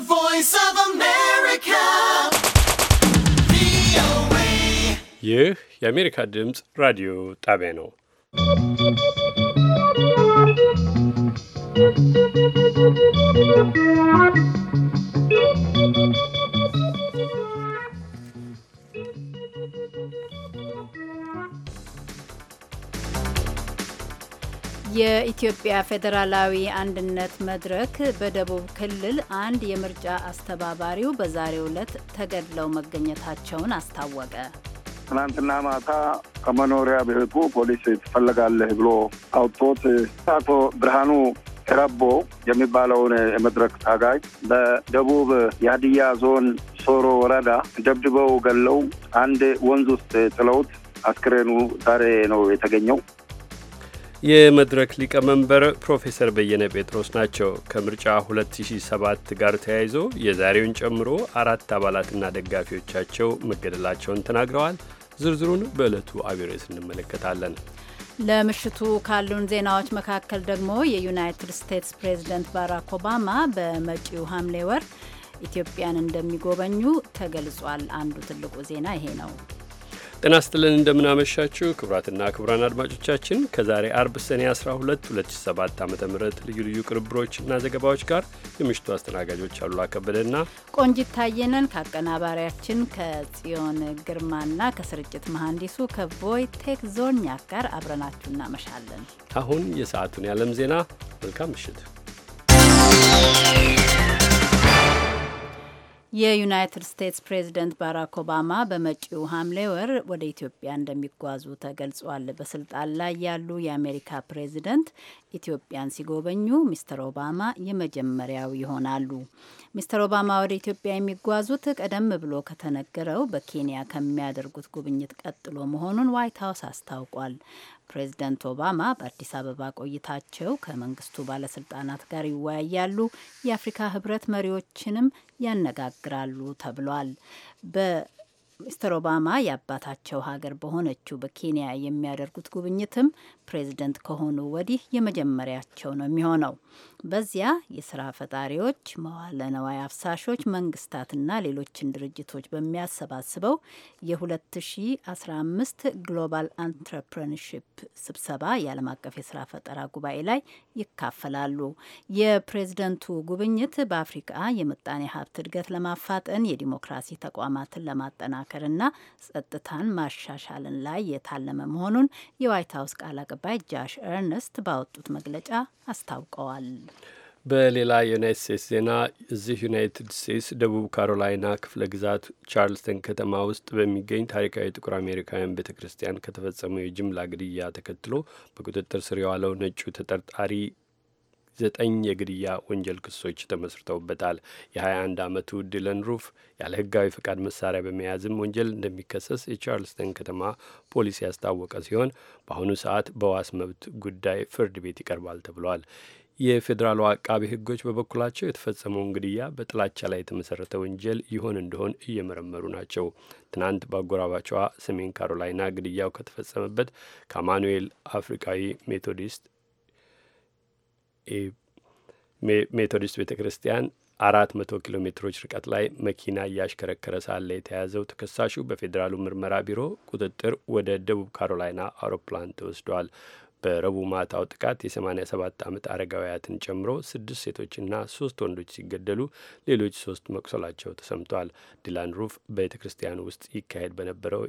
voice of America. VOA. Yeah, America Dims Radio Tabeno. የኢትዮጵያ ፌዴራላዊ አንድነት መድረክ በደቡብ ክልል አንድ የምርጫ አስተባባሪው በዛሬው ዕለት ተገድለው መገኘታቸውን አስታወቀ። ትናንትና ማታ ከመኖሪያ ቤቱ ፖሊስ ትፈለጋለህ ብሎ አውጥቶት አቶ ብርሃኑ ረቦ የሚባለውን የመድረክ ታጋጅ በደቡብ የሀዲያ ዞን ሶሮ ወረዳ ደብድበው ገለው አንድ ወንዝ ውስጥ ጥለውት አስክሬኑ ዛሬ ነው የተገኘው። የመድረክ ሊቀመንበር ፕሮፌሰር በየነ ጴጥሮስ ናቸው። ከምርጫ 2007 ጋር ተያይዞ የዛሬውን ጨምሮ አራት አባላትና ደጋፊዎቻቸው መገደላቸውን ተናግረዋል። ዝርዝሩን በዕለቱ አቢሬስ እንመለከታለን። ለምሽቱ ካሉን ዜናዎች መካከል ደግሞ የዩናይትድ ስቴትስ ፕሬዚደንት ባራክ ኦባማ በመጪው ሐምሌ ወር ኢትዮጵያን እንደሚጎበኙ ተገልጿል። አንዱ ትልቁ ዜና ይሄ ነው። ጤና ስጥልን እንደምናመሻችሁ ክቡራትና ክቡራን አድማጮቻችን ከዛሬ አርብ ሰኔ 12 2007 ዓ ም ልዩ ልዩ ቅንብሮችና ዘገባዎች ጋር የምሽቱ አስተናጋጆች አሉላ ከበደና ቆንጂት ታየነን ከአቀናባሪያችን ከጽዮን ግርማና ከስርጭት መሐንዲሱ ከቮይ ቴክ ዞርኛክ ጋር አብረናችሁ እናመሻለን። አሁን የሰዓቱን የዓለም ዜና። መልካም ምሽት የዩናይትድ ስቴትስ ፕሬዚደንት ባራክ ኦባማ በመጪው ሐምሌ ወር ወደ ኢትዮጵያ እንደሚጓዙ ተገልጿል። በስልጣን ላይ ያሉ የአሜሪካ ፕሬዚደንት ኢትዮጵያን ሲጎበኙ ሚስተር ኦባማ የመጀመሪያው ይሆናሉ። ሚስተር ኦባማ ወደ ኢትዮጵያ የሚጓዙት ቀደም ብሎ ከተነገረው በኬንያ ከሚያደርጉት ጉብኝት ቀጥሎ መሆኑን ዋይት ሀውስ አስታውቋል። ፕሬዚደንት ኦባማ በአዲስ አበባ ቆይታቸው ከመንግስቱ ባለስልጣናት ጋር ይወያያሉ፣ የአፍሪካ ህብረት መሪዎችንም ያነጋግራሉ ተብሏል። ሚስተር ኦባማ የአባታቸው ሀገር በሆነችው በኬንያ የሚያደርጉት ጉብኝትም ፕሬዚደንት ከሆኑ ወዲህ የመጀመሪያቸው ነው የሚሆነው። በዚያ የስራ ፈጣሪዎች፣ መዋለ ነዋይ አፍሳሾች፣ መንግስታትና ሌሎችን ድርጅቶች በሚያሰባስበው የ2015 ግሎባል አንትረፕረንሽፕ ስብሰባ የዓለም አቀፍ የስራ ፈጠራ ጉባኤ ላይ ይካፈላሉ። የፕሬዝደንቱ ጉብኝት በአፍሪቃ የምጣኔ ሀብት እድገት ለማፋጠን የዲሞክራሲ ተቋማትን ለማጠናከርና ጸጥታን ማሻሻልን ላይ የታለመ መሆኑን የዋይት ሀውስ ቃል አቀባይ ጃሽ ኤርነስት ባወጡት መግለጫ አስታውቀዋል። በሌላ የዩናይት ስቴትስ ዜና እዚህ ዩናይትድ ስቴትስ ደቡብ ካሮላይና ክፍለ ግዛት ቻርልስተን ከተማ ውስጥ በሚገኝ ታሪካዊ ጥቁር አሜሪካውያን ቤተ ክርስቲያን ከተፈጸመው የጅምላ ግድያ ተከትሎ በቁጥጥር ስር የዋለው ነጩ ተጠርጣሪ ዘጠኝ የግድያ ወንጀል ክሶች ተመስርተውበታል። የ21 ዓመቱ ዲለን ሩፍ ያለ ህጋዊ ፈቃድ መሳሪያ በመያዝም ወንጀል እንደሚከሰስ የቻርልስተን ከተማ ፖሊስ ያስታወቀ ሲሆን በአሁኑ ሰዓት በዋስ መብት ጉዳይ ፍርድ ቤት ይቀርባል ተብሏል። የፌዴራሉ አቃቢ ሕጎች በበኩላቸው የተፈጸመውን ግድያ በጥላቻ ላይ የተመሰረተ ወንጀል ይሆን እንደሆን እየመረመሩ ናቸው። ትናንት በአጎራባቿ ሰሜን ካሮላይና ግድያው ከተፈጸመበት ከአማኑኤል አፍሪካዊ ሜቶዲስት ሜቶዲስት ቤተ ክርስቲያን አራት መቶ ኪሎ ሜትሮች ርቀት ላይ መኪና እያሽከረከረ ሳለ የተያዘው ተከሳሹ በፌዴራሉ ምርመራ ቢሮ ቁጥጥር ወደ ደቡብ ካሮላይና አውሮፕላን ተወስዷል። በረቡዕ ማታው ጥቃት የ87 ዓመት አረጋውያትን ጨምሮ ስድስት ሴቶችና ሶስት ወንዶች ሲገደሉ ሌሎች ሶስት መቁሰላቸው ተሰምቷል። ዲላን ሩፍ ቤተ ክርስቲያን ውስጥ ይካሄድ በነበረው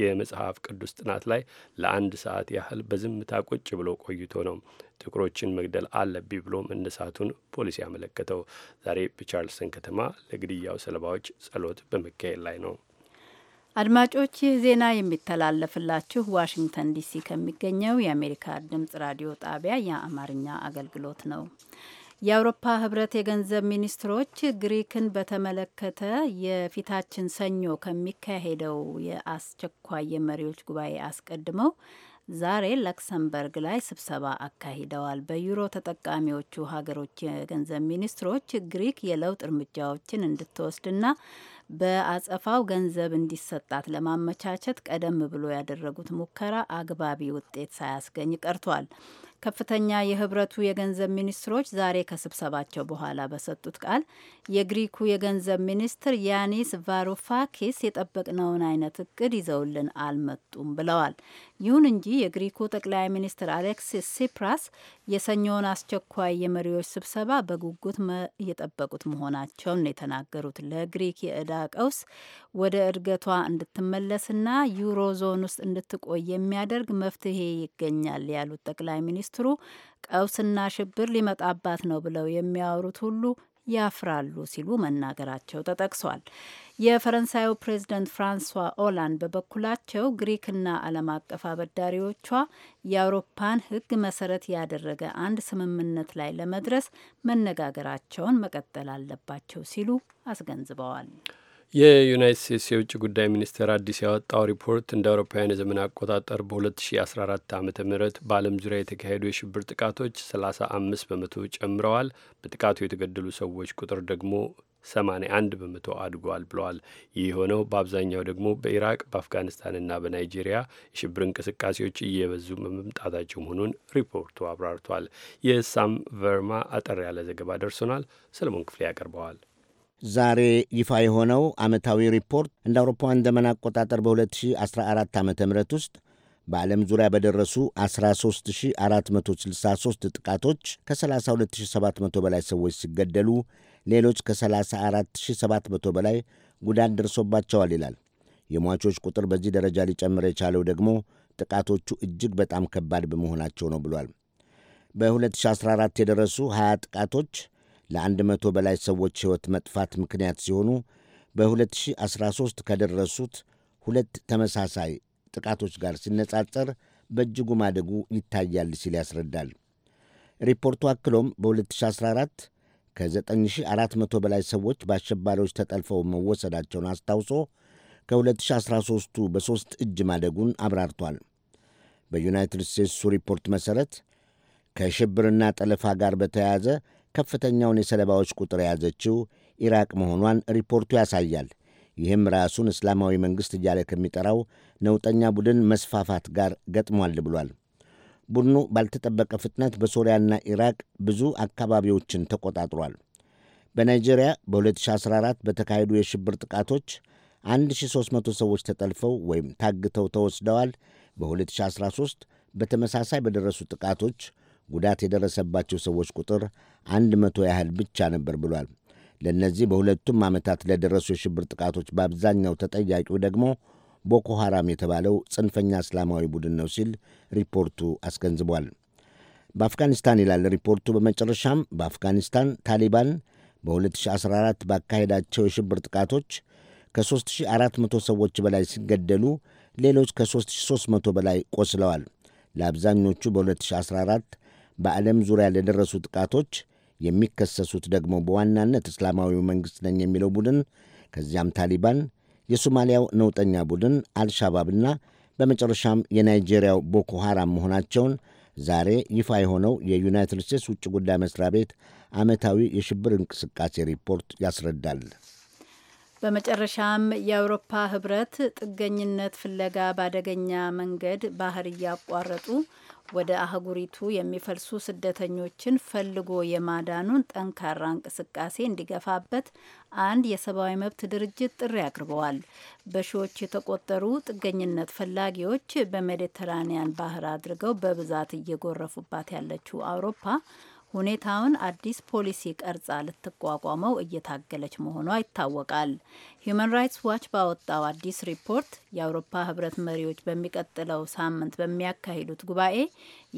የመጽሐፍ ቅዱስ ጥናት ላይ ለአንድ ሰዓት ያህል በዝምታ ቁጭ ብሎ ቆይቶ ነው ጥቁሮችን መግደል አለብኝ ብሎ መነሳቱን ፖሊስ ያመለከተው። ዛሬ በቻርልስተን ከተማ ለግድያው ሰለባዎች ጸሎት በመካሄድ ላይ ነው። አድማጮች ይህ ዜና የሚተላለፍላችሁ ዋሽንግተን ዲሲ ከሚገኘው የአሜሪካ ድምጽ ራዲዮ ጣቢያ የአማርኛ አገልግሎት ነው። የአውሮፓ ህብረት የገንዘብ ሚኒስትሮች ግሪክን በተመለከተ የፊታችን ሰኞ ከሚካሄደው የአስቸኳይ የመሪዎች ጉባኤ አስቀድመው ዛሬ ለክሰምበርግ ላይ ስብሰባ አካሂደዋል። በዩሮ ተጠቃሚዎቹ ሀገሮች የገንዘብ ሚኒስትሮች ግሪክ የለውጥ እርምጃዎችን እንድትወስድና በአጸፋው ገንዘብ እንዲሰጣት ለማመቻቸት ቀደም ብሎ ያደረጉት ሙከራ አግባቢ ውጤት ሳያስገኝ ቀርቷል። ከፍተኛ የህብረቱ የገንዘብ ሚኒስትሮች ዛሬ ከስብሰባቸው በኋላ በሰጡት ቃል የግሪኩ የገንዘብ ሚኒስትር ያኒስ ቫሮፋኪስ የጠበቅነውን አይነት እቅድ ይዘውልን አልመጡም ብለዋል። ይሁን እንጂ የግሪኩ ጠቅላይ ሚኒስትር አሌክሲስ ሲፕራስ የሰኞውን አስቸኳይ የመሪዎች ስብሰባ በጉጉት የጠበቁት መሆናቸውን ነው የተናገሩት። ለግሪክ የእዳ ቀውስ ወደ እድገቷ እንድትመለስና ዩሮ ዞን ውስጥ እንድትቆይ የሚያደርግ መፍትሄ ይገኛል ያሉት ጠቅላይ ሚኒስትሩ ቀውስና ሽብር ሊመጣባት ነው ብለው የሚያወሩት ሁሉ ያፍራሉ ሲሉ መናገራቸው ተጠቅሷል። የፈረንሳዩ ፕሬዝደንት ፍራንሷ ኦላንድ በበኩላቸው ግሪክና ዓለም አቀፍ አበዳሪዎቿ የአውሮፓን ሕግ መሰረት ያደረገ አንድ ስምምነት ላይ ለመድረስ መነጋገራቸውን መቀጠል አለባቸው ሲሉ አስገንዝበዋል። የዩናይት ስቴትስ የውጭ ጉዳይ ሚኒስቴር አዲስ ያወጣው ሪፖርት እንደ አውሮፓውያን የዘመን አቆጣጠር በ2014 ዓ ም በዓለም ዙሪያ የተካሄዱ የሽብር ጥቃቶች 35 በመቶ ጨምረዋል። በጥቃቱ የተገደሉ ሰዎች ቁጥር ደግሞ 81 በመቶ አድጓል ብለዋል። ይህ የሆነው በአብዛኛው ደግሞ በኢራቅ በአፍጋኒስታንና በናይጄሪያ የሽብር እንቅስቃሴዎች እየበዙ በመምጣታቸው መሆኑን ሪፖርቱ አብራርቷል። የሳም ቨርማ አጠር ያለ ዘገባ ደርሶናል። ሰለሞን ክፍሌ ያቀርበዋል። ዛሬ ይፋ የሆነው ዓመታዊ ሪፖርት እንደ አውሮፓውያን ዘመን አቆጣጠር በ2014 ዓ ም ውስጥ በዓለም ዙሪያ በደረሱ 13463 ጥቃቶች ከ32700 በላይ ሰዎች ሲገደሉ ሌሎች ከ34700 በላይ ጉዳት ደርሶባቸዋል ይላል። የሟቾች ቁጥር በዚህ ደረጃ ሊጨምር የቻለው ደግሞ ጥቃቶቹ እጅግ በጣም ከባድ በመሆናቸው ነው ብሏል። በ2014 የደረሱ 20 ጥቃቶች ለአንድ መቶ በላይ ሰዎች ሕይወት መጥፋት ምክንያት ሲሆኑ በ2013 ከደረሱት ሁለት ተመሳሳይ ጥቃቶች ጋር ሲነጻጸር በእጅጉ ማደጉ ይታያል ሲል ያስረዳል። ሪፖርቱ አክሎም በ2014 ከ9400 በላይ ሰዎች በአሸባሪዎች ተጠልፈው መወሰዳቸውን አስታውሶ ከ2013ቱ በሦስት እጅ ማደጉን አብራርቷል። በዩናይትድ ስቴትሱ ሪፖርት መሠረት ከሽብርና ጠለፋ ጋር በተያያዘ ከፍተኛውን የሰለባዎች ቁጥር የያዘችው ኢራቅ መሆኗን ሪፖርቱ ያሳያል። ይህም ራሱን እስላማዊ መንግሥት እያለ ከሚጠራው ነውጠኛ ቡድን መስፋፋት ጋር ገጥሟል ብሏል። ቡድኑ ባልተጠበቀ ፍጥነት በሶሪያና ኢራቅ ብዙ አካባቢዎችን ተቆጣጥሯል። በናይጄሪያ በ2014 በተካሄዱ የሽብር ጥቃቶች 1300 ሰዎች ተጠልፈው ወይም ታግተው ተወስደዋል። በ2013 በተመሳሳይ በደረሱ ጥቃቶች ጉዳት የደረሰባቸው ሰዎች ቁጥር አንድ መቶ ያህል ብቻ ነበር ብሏል። ለእነዚህ በሁለቱም ዓመታት ለደረሱ የሽብር ጥቃቶች በአብዛኛው ተጠያቂው ደግሞ ቦኮ ሐራም የተባለው ጽንፈኛ እስላማዊ ቡድን ነው ሲል ሪፖርቱ አስገንዝቧል። በአፍጋኒስታን ይላል ሪፖርቱ በመጨረሻም በአፍጋኒስታን ታሊባን በ2014 ባካሄዳቸው የሽብር ጥቃቶች ከ3400 ሰዎች በላይ ሲገደሉ ሌሎች ከ3300 በላይ ቆስለዋል። ለአብዛኞቹ በ2014 በዓለም ዙሪያ ለደረሱ ጥቃቶች የሚከሰሱት ደግሞ በዋናነት እስላማዊው መንግሥት ነኝ የሚለው ቡድን ከዚያም ታሊባን፣ የሶማሊያው ነውጠኛ ቡድን አልሻባብና በመጨረሻም የናይጄሪያው ቦኮ ሐራም መሆናቸውን ዛሬ ይፋ የሆነው የዩናይትድ ስቴትስ ውጭ ጉዳይ መስሪያ ቤት ዓመታዊ የሽብር እንቅስቃሴ ሪፖርት ያስረዳል። በመጨረሻም የአውሮፓ ህብረት ጥገኝነት ፍለጋ በአደገኛ መንገድ ባህር እያቋረጡ ወደ አህጉሪቱ የሚፈልሱ ስደተኞችን ፈልጎ የማዳኑን ጠንካራ እንቅስቃሴ እንዲገፋበት አንድ የሰብአዊ መብት ድርጅት ጥሪ አቅርበዋል። በሺዎች የተቆጠሩ ጥገኝነት ፈላጊዎች በሜዲተራኒያን ባህር አድርገው በብዛት እየጎረፉባት ያለችው አውሮፓ ሁኔታውን አዲስ ፖሊሲ ቀርጻ ልትቋቋመው እየታገለች መሆኗ ይታወቃል። ሂዩማን ራይትስ ዋች ባወጣው አዲስ ሪፖርት የአውሮፓ ህብረት መሪዎች በሚቀጥለው ሳምንት በሚያካሂዱት ጉባኤ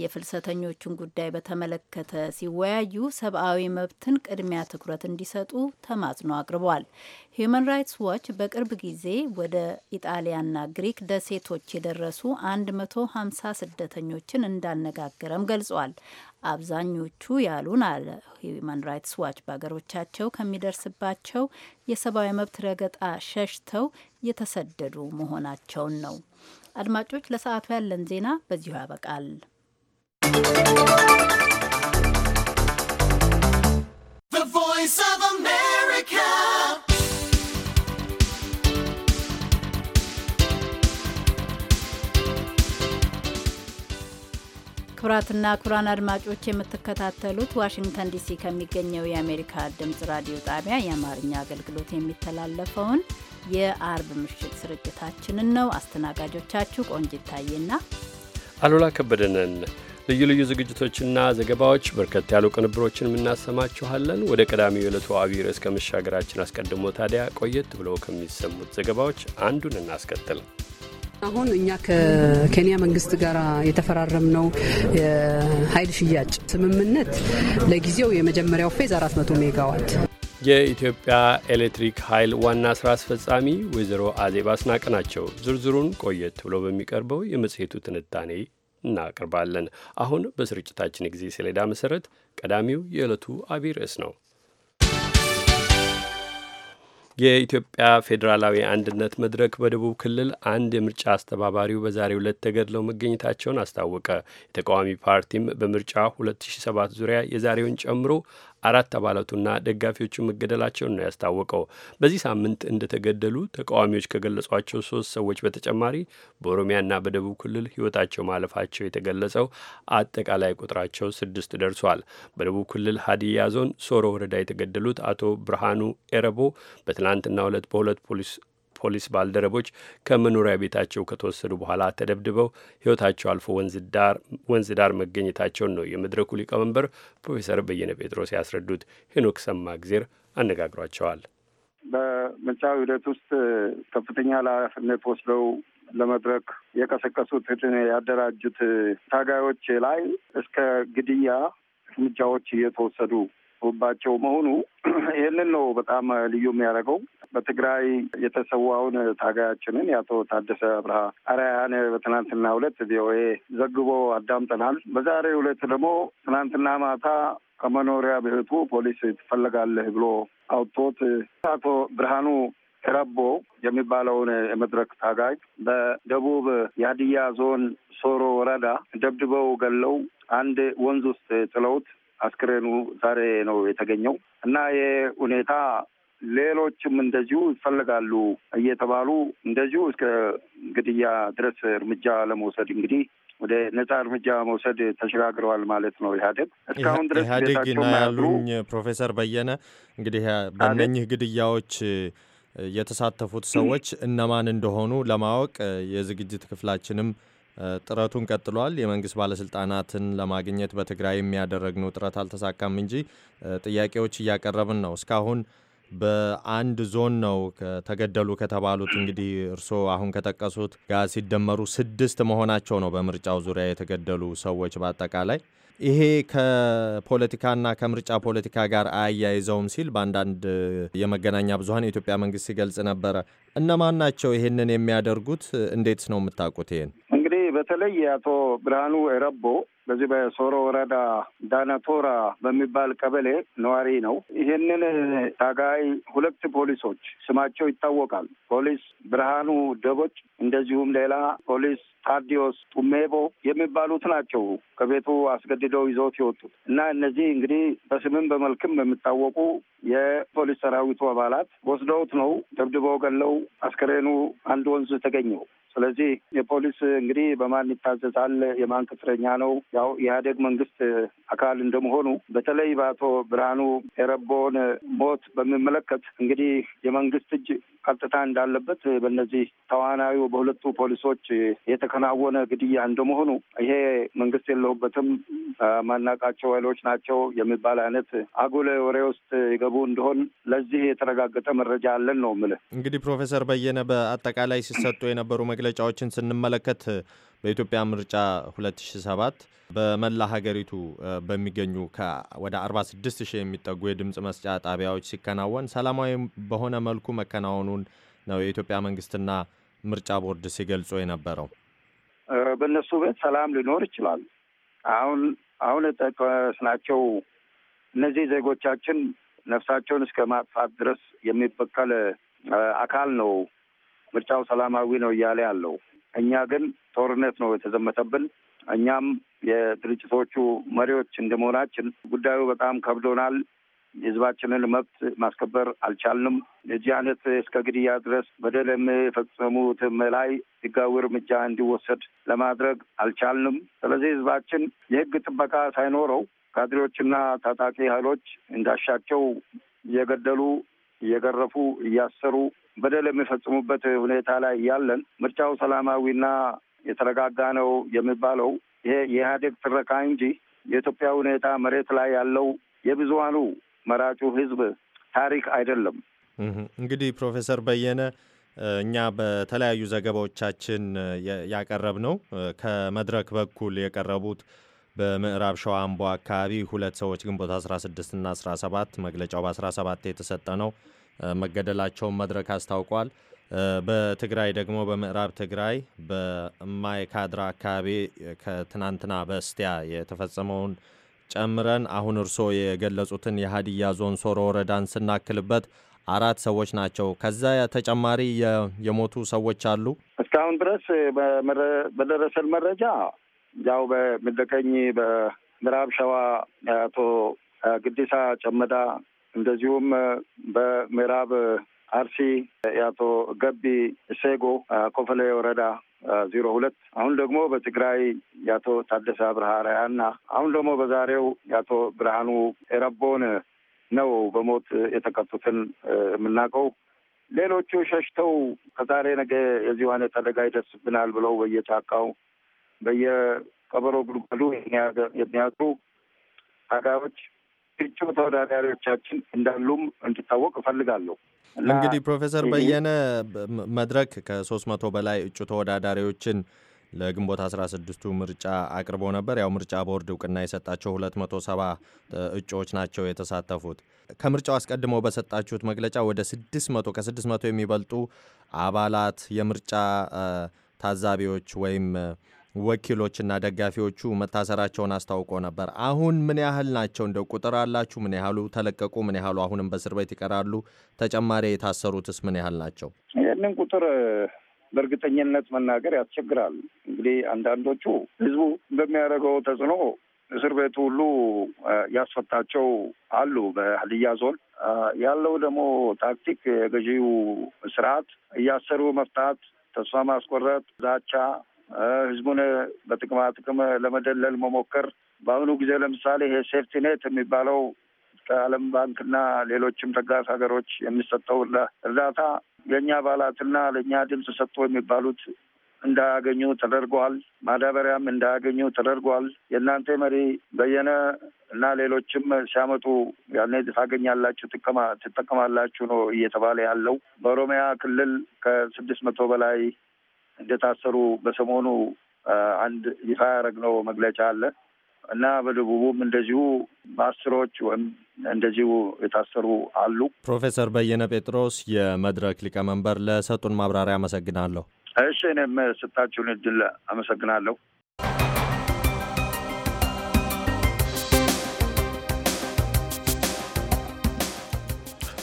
የፍልሰተኞቹን ጉዳይ በተመለከተ ሲወያዩ ሰብአዊ መብትን ቅድሚያ ትኩረት እንዲሰጡ ተማጽኖ አቅርቧል። ሂዩማን ራይትስ ዋች በቅርብ ጊዜ ወደ ኢጣሊያና ግሪክ ደሴቶች የደረሱ 150 ስደተኞችን እንዳነጋገረም ገልጿል። አብዛኞቹ ያሉን አለ ሂዩማን ራይትስ ዋች በሀገሮቻቸው ከሚደርስባቸው የሰብአዊ መብት ረገጥ ቁጣ ሸሽተው የተሰደዱ መሆናቸውን ነው። አድማጮች፣ ለሰዓቱ ያለን ዜና በዚሁ ያበቃል። ክቡራትና ክቡራን አድማጮች የምትከታተሉት ዋሽንግተን ዲሲ ከሚገኘው የአሜሪካ ድምጽ ራዲዮ ጣቢያ የአማርኛ አገልግሎት የሚተላለፈውን የአርብ ምሽት ስርጭታችንን ነው። አስተናጋጆቻችሁ ቆንጅት ታዬና አሉላ ከበደነን። ልዩ ልዩ ዝግጅቶችና ዘገባዎች፣ በርከት ያሉ ቅንብሮችን የምናሰማችኋለን። ወደ ቀዳሚው የዕለቱ አብይ ርዕስ ከመሻገራችን አስቀድሞ ታዲያ ቆየት ብለው ከሚሰሙት ዘገባዎች አንዱን እናስከትል። አሁን እኛ ከኬንያ መንግስት ጋር የተፈራረምነው የኃይል ሽያጭ ስምምነት ለጊዜው የመጀመሪያው ፌዝ 400 ሜጋዋት የኢትዮጵያ ኤሌክትሪክ ኃይል ዋና ስራ አስፈጻሚ ወይዘሮ አዜብ አስናቅ ናቸው። ዝርዝሩን ቆየት ብሎ በሚቀርበው የመጽሔቱ ትንታኔ እናቀርባለን። አሁን በስርጭታችን ጊዜ ሰሌዳ መሰረት ቀዳሚው የዕለቱ አቢይ ርዕስ ነው። የኢትዮጵያ ፌዴራላዊ አንድነት መድረክ በደቡብ ክልል አንድ የምርጫ አስተባባሪው በዛሬው ዕለት ተገድለው መገኘታቸውን አስታወቀ። የተቃዋሚ ፓርቲም በምርጫ 2007 ዙሪያ የዛሬውን ጨምሮ አራት አባላቱና ደጋፊዎቹ መገደላቸውን ነው ያስታወቀው። በዚህ ሳምንት እንደተገደሉ ተቃዋሚዎች ከገለጿቸው ሶስት ሰዎች በተጨማሪ በኦሮሚያና በደቡብ ክልል ሕይወታቸው ማለፋቸው የተገለጸው አጠቃላይ ቁጥራቸው ስድስት ደርሷል። በደቡብ ክልል ሀዲያ ዞን ሶሮ ወረዳ የተገደሉት አቶ ብርሃኑ ኤረቦ በትናንትናው ሁለት በሁለት ፖሊስ ፖሊስ ባልደረቦች ከመኖሪያ ቤታቸው ከተወሰዱ በኋላ ተደብድበው ሕይወታቸው አልፎ ወንዝ ዳር መገኘታቸውን ነው የመድረኩ ሊቀመንበር ፕሮፌሰር በየነ ጴጥሮስ ያስረዱት። ሄኖክ ጊዜር አነጋግሯቸዋል። በምርጫው ሂደት ውስጥ ከፍተኛ ኃላፊነት ወስደው ለመድረክ የቀሰቀሱት ያደራጁት ታጋዮች ላይ እስከ ግድያ እርምጃዎች እየተወሰዱ ተሳትፎባቸው መሆኑ ይህንን ነው በጣም ልዩ የሚያደርገው። በትግራይ የተሰዋውን ታጋያችንን የአቶ ታደሰ አብርሃ አርያን በትናንትና ሁለት ቪኦኤ ዘግቦ አዳምጠናል። በዛሬ ሁለት ደግሞ ትናንትና ማታ ከመኖሪያ ቤቱ ፖሊስ ትፈለጋለህ ብሎ አውጥቶት አቶ ብርሃኑ ረቦ የሚባለውን የመድረክ ታጋይ በደቡብ የሀዲያ ዞን ሶሮ ወረዳ ደብድበው ገለው አንድ ወንዝ ውስጥ ጥለውት አስክሬኑ ዛሬ ነው የተገኘው እና ይህ ሁኔታ ሌሎችም እንደዚሁ ይፈልጋሉ እየተባሉ እንደዚሁ እስከ ግድያ ድረስ እርምጃ ለመውሰድ እንግዲህ ወደ ነጻ እርምጃ መውሰድ ተሸጋግረዋል ማለት ነው። ኢህአዴግ እስካሁን ድረስ ኢህአዴግ ና ያሉኝ ፕሮፌሰር በየነ እንግዲህ በእነኝህ ግድያዎች የተሳተፉት ሰዎች እነማን እንደሆኑ ለማወቅ የዝግጅት ክፍላችንም ጥረቱን ቀጥሏል። የመንግስት ባለስልጣናትን ለማግኘት በትግራይ የሚያደረግነው ጥረት አልተሳካም እንጂ ጥያቄዎች እያቀረብን ነው። እስካሁን በአንድ ዞን ነው ተገደሉ ከተባሉት እንግዲህ እርስዎ አሁን ከጠቀሱት ጋር ሲደመሩ ስድስት መሆናቸው ነው በምርጫው ዙሪያ የተገደሉ ሰዎች በአጠቃላይ ይሄ ከፖለቲካና ከምርጫ ፖለቲካ ጋር አያይዘውም ሲል በአንዳንድ የመገናኛ ብዙኃን የኢትዮጵያ መንግስት ሲገልጽ ነበረ። እነማን ናቸው ይሄንን የሚያደርጉት? እንዴትስ ነው የምታውቁት ይሄን? በተለይ አቶ ብርሃኑ ረቦ በዚህ በሶሮ ወረዳ ዳናቶራ በሚባል ቀበሌ ነዋሪ ነው። ይህንን ታጋይ ሁለት ፖሊሶች ስማቸው ይታወቃል። ፖሊስ ብርሃኑ ደቦች፣ እንደዚሁም ሌላ ፖሊስ ታዲዮስ ጡሜቦ የሚባሉት ናቸው ከቤቱ አስገድደው ይዘውት የወጡት እና እነዚህ እንግዲህ በስምም በመልክም የሚታወቁ የፖሊስ ሰራዊቱ አባላት ወስደውት ነው ደብድበው ገለው አስከሬኑ አንድ ወንዝ ተገኘው። ስለዚህ የፖሊስ እንግዲህ በማን ይታዘዛል? የማን ክፍረኛ ነው? ያው ኢህአዴግ መንግስት አካል እንደመሆኑ በተለይ በአቶ ብርሃኑ የረቦን ሞት በሚመለከት እንግዲህ የመንግስት እጅ ቀጥታ እንዳለበት በእነዚህ ተዋናዩ በሁለቱ ፖሊሶች የተከናወነ ግድያ እንደመሆኑ ይሄ መንግስት የለሁበትም ማናቃቸው ኃይሎች ናቸው የሚባል አይነት አጉል ወሬ ውስጥ ይገቡ እንደሆን ለዚህ የተረጋገጠ መረጃ አለን ነው ምል እንግዲህ ፕሮፌሰር በየነ በአጠቃላይ ሲሰጡ የነበሩ መግለጫዎችን ስንመለከት በኢትዮጵያ ምርጫ 2007 በመላ ሀገሪቱ በሚገኙ ወደ 46 ሺህ የሚጠጉ የድምፅ መስጫ ጣቢያዎች ሲከናወን ሰላማዊ በሆነ መልኩ መከናወኑን ነው የኢትዮጵያ መንግስትና ምርጫ ቦርድ ሲገልጹ የነበረው። በእነሱ ቤት ሰላም ሊኖር ይችላል። አሁን አሁን የጠቀስናቸው እነዚህ ዜጎቻችን ነፍሳቸውን እስከ ማጥፋት ድረስ የሚበቀል አካል ነው ምርጫው ሰላማዊ ነው እያለ ያለው እኛ ግን ጦርነት ነው የተዘመተብን። እኛም የድርጅቶቹ መሪዎች እንደመሆናችን ጉዳዩ በጣም ከብዶናል። የህዝባችንን መብት ማስከበር አልቻልንም። እዚህ አይነት እስከ ግድያ ድረስ በደል የሚፈጸሙትም ላይ ህጋዊ እርምጃ እንዲወሰድ ለማድረግ አልቻልንም። ስለዚህ ህዝባችን የህግ ጥበቃ ሳይኖረው ካድሬዎችና ታጣቂ ኃይሎች እንዳሻቸው እየገደሉ እየገረፉ እያሰሩ በደል የሚፈጽሙበት ሁኔታ ላይ ያለን ምርጫው ሰላማዊና የተረጋጋ ነው የሚባለው ይሄ የኢህአዴግ ትረካ እንጂ የኢትዮጵያ ሁኔታ መሬት ላይ ያለው የብዙሀኑ መራጩ ህዝብ ታሪክ አይደለም። እንግዲህ ፕሮፌሰር በየነ እኛ በተለያዩ ዘገባዎቻችን ያቀረብ ነው ከመድረክ በኩል የቀረቡት በምዕራብ ሸዋ አምቦ አካባቢ ሁለት ሰዎች ግንቦት 16ና 17 መግለጫው በ17 የተሰጠ ነው መገደላቸውን መድረክ አስታውቋል። በትግራይ ደግሞ በምዕራብ ትግራይ በማይ ካድራ አካባቢ ከትናንትና በስቲያ የተፈጸመውን ጨምረን አሁን እርስዎ የገለጹትን የሀዲያ ዞን ሶሮ ወረዳን ስናክልበት አራት ሰዎች ናቸው። ከዛ ተጨማሪ የሞቱ ሰዎች አሉ። እስካሁን ድረስ በደረሰን መረጃ ያው በምደቀኝ በምዕራብ ሸዋ አቶ ግዲሳ ጨመዳ እንደዚሁም በምዕራብ አርሲ የአቶ ገቢ ሴጎ ኮፈሌ ወረዳ ዜሮ ሁለት አሁን ደግሞ በትግራይ የአቶ ታደሰ ብርሃ ራያና አሁን ደግሞ በዛሬው የአቶ ብርሃኑ ኤረቦን ነው በሞት የተቀጡትን የምናውቀው። ሌሎቹ ሸሽተው ከዛሬ ነገ የዚህ አይነት አደጋ ይደርስብናል ብለው በየጫካው በየቀበሮ ጉድጓዱ የሚያድሩ አጋሮች እጩ ተወዳዳሪዎቻችን እንዳሉም እንዲታወቅ እፈልጋለሁ። እንግዲህ ፕሮፌሰር በየነ መድረክ ከሶስት መቶ በላይ እጩ ተወዳዳሪዎችን ለግንቦት 16ቱ ምርጫ አቅርቦ ነበር። ያው ምርጫ ቦርድ እውቅና የሰጣቸው 270 እጩዎች ናቸው የተሳተፉት። ከምርጫው አስቀድሞ በሰጣችሁት መግለጫ ወደ 600 ከ600 የሚበልጡ አባላት የምርጫ ታዛቢዎች ወይም ወኪሎችና ደጋፊዎቹ መታሰራቸውን አስታውቆ ነበር። አሁን ምን ያህል ናቸው? እንደው ቁጥር አላችሁ? ምን ያህሉ ተለቀቁ? ምን ያህሉ አሁንም በእስር ቤት ይቀራሉ? ተጨማሪ የታሰሩትስ ምን ያህል ናቸው? ይህንን ቁጥር በእርግጠኝነት መናገር ያስቸግራል። እንግዲህ አንዳንዶቹ ህዝቡ በሚያደርገው ተጽዕኖ እስር ቤቱ ሁሉ ያስፈታቸው አሉ። በሀዲያ ዞን ያለው ደግሞ ታክቲክ የገዢው ስርዓት እያሰሩ መፍታት፣ ተስፋ ማስቆረጥ፣ ዛቻ ህዝቡን በጥቅማ ጥቅም ለመደለል መሞከር በአሁኑ ጊዜ ለምሳሌ ይሄ ሴፍቲ ኔት የሚባለው ከዓለም ባንክና ሌሎችም ለጋስ ሀገሮች የሚሰጠው እርዳታ ለእኛ አባላትና ለእኛ ድምፅ ሰጥቶ የሚባሉት እንዳያገኙ ተደርጓል። ማዳበሪያም እንዳያገኙ ተደርጓል። የእናንተ መሪ በየነ እና ሌሎችም ሲያመጡ ያኔ ታገኛላችሁ፣ ትጠቀማላችሁ ነው እየተባለ ያለው። በኦሮሚያ ክልል ከስድስት መቶ በላይ እንደታሰሩ በሰሞኑ አንድ ይፋ ያደረግነው መግለጫ አለ እና በደቡቡም እንደዚሁ በአስሮች ወይም እንደዚሁ የታሰሩ አሉ። ፕሮፌሰር በየነ ጴጥሮስ የመድረክ ሊቀመንበር ለሰጡን ማብራሪያ አመሰግናለሁ። እሺ እኔም ስታችሁን እድል አመሰግናለሁ።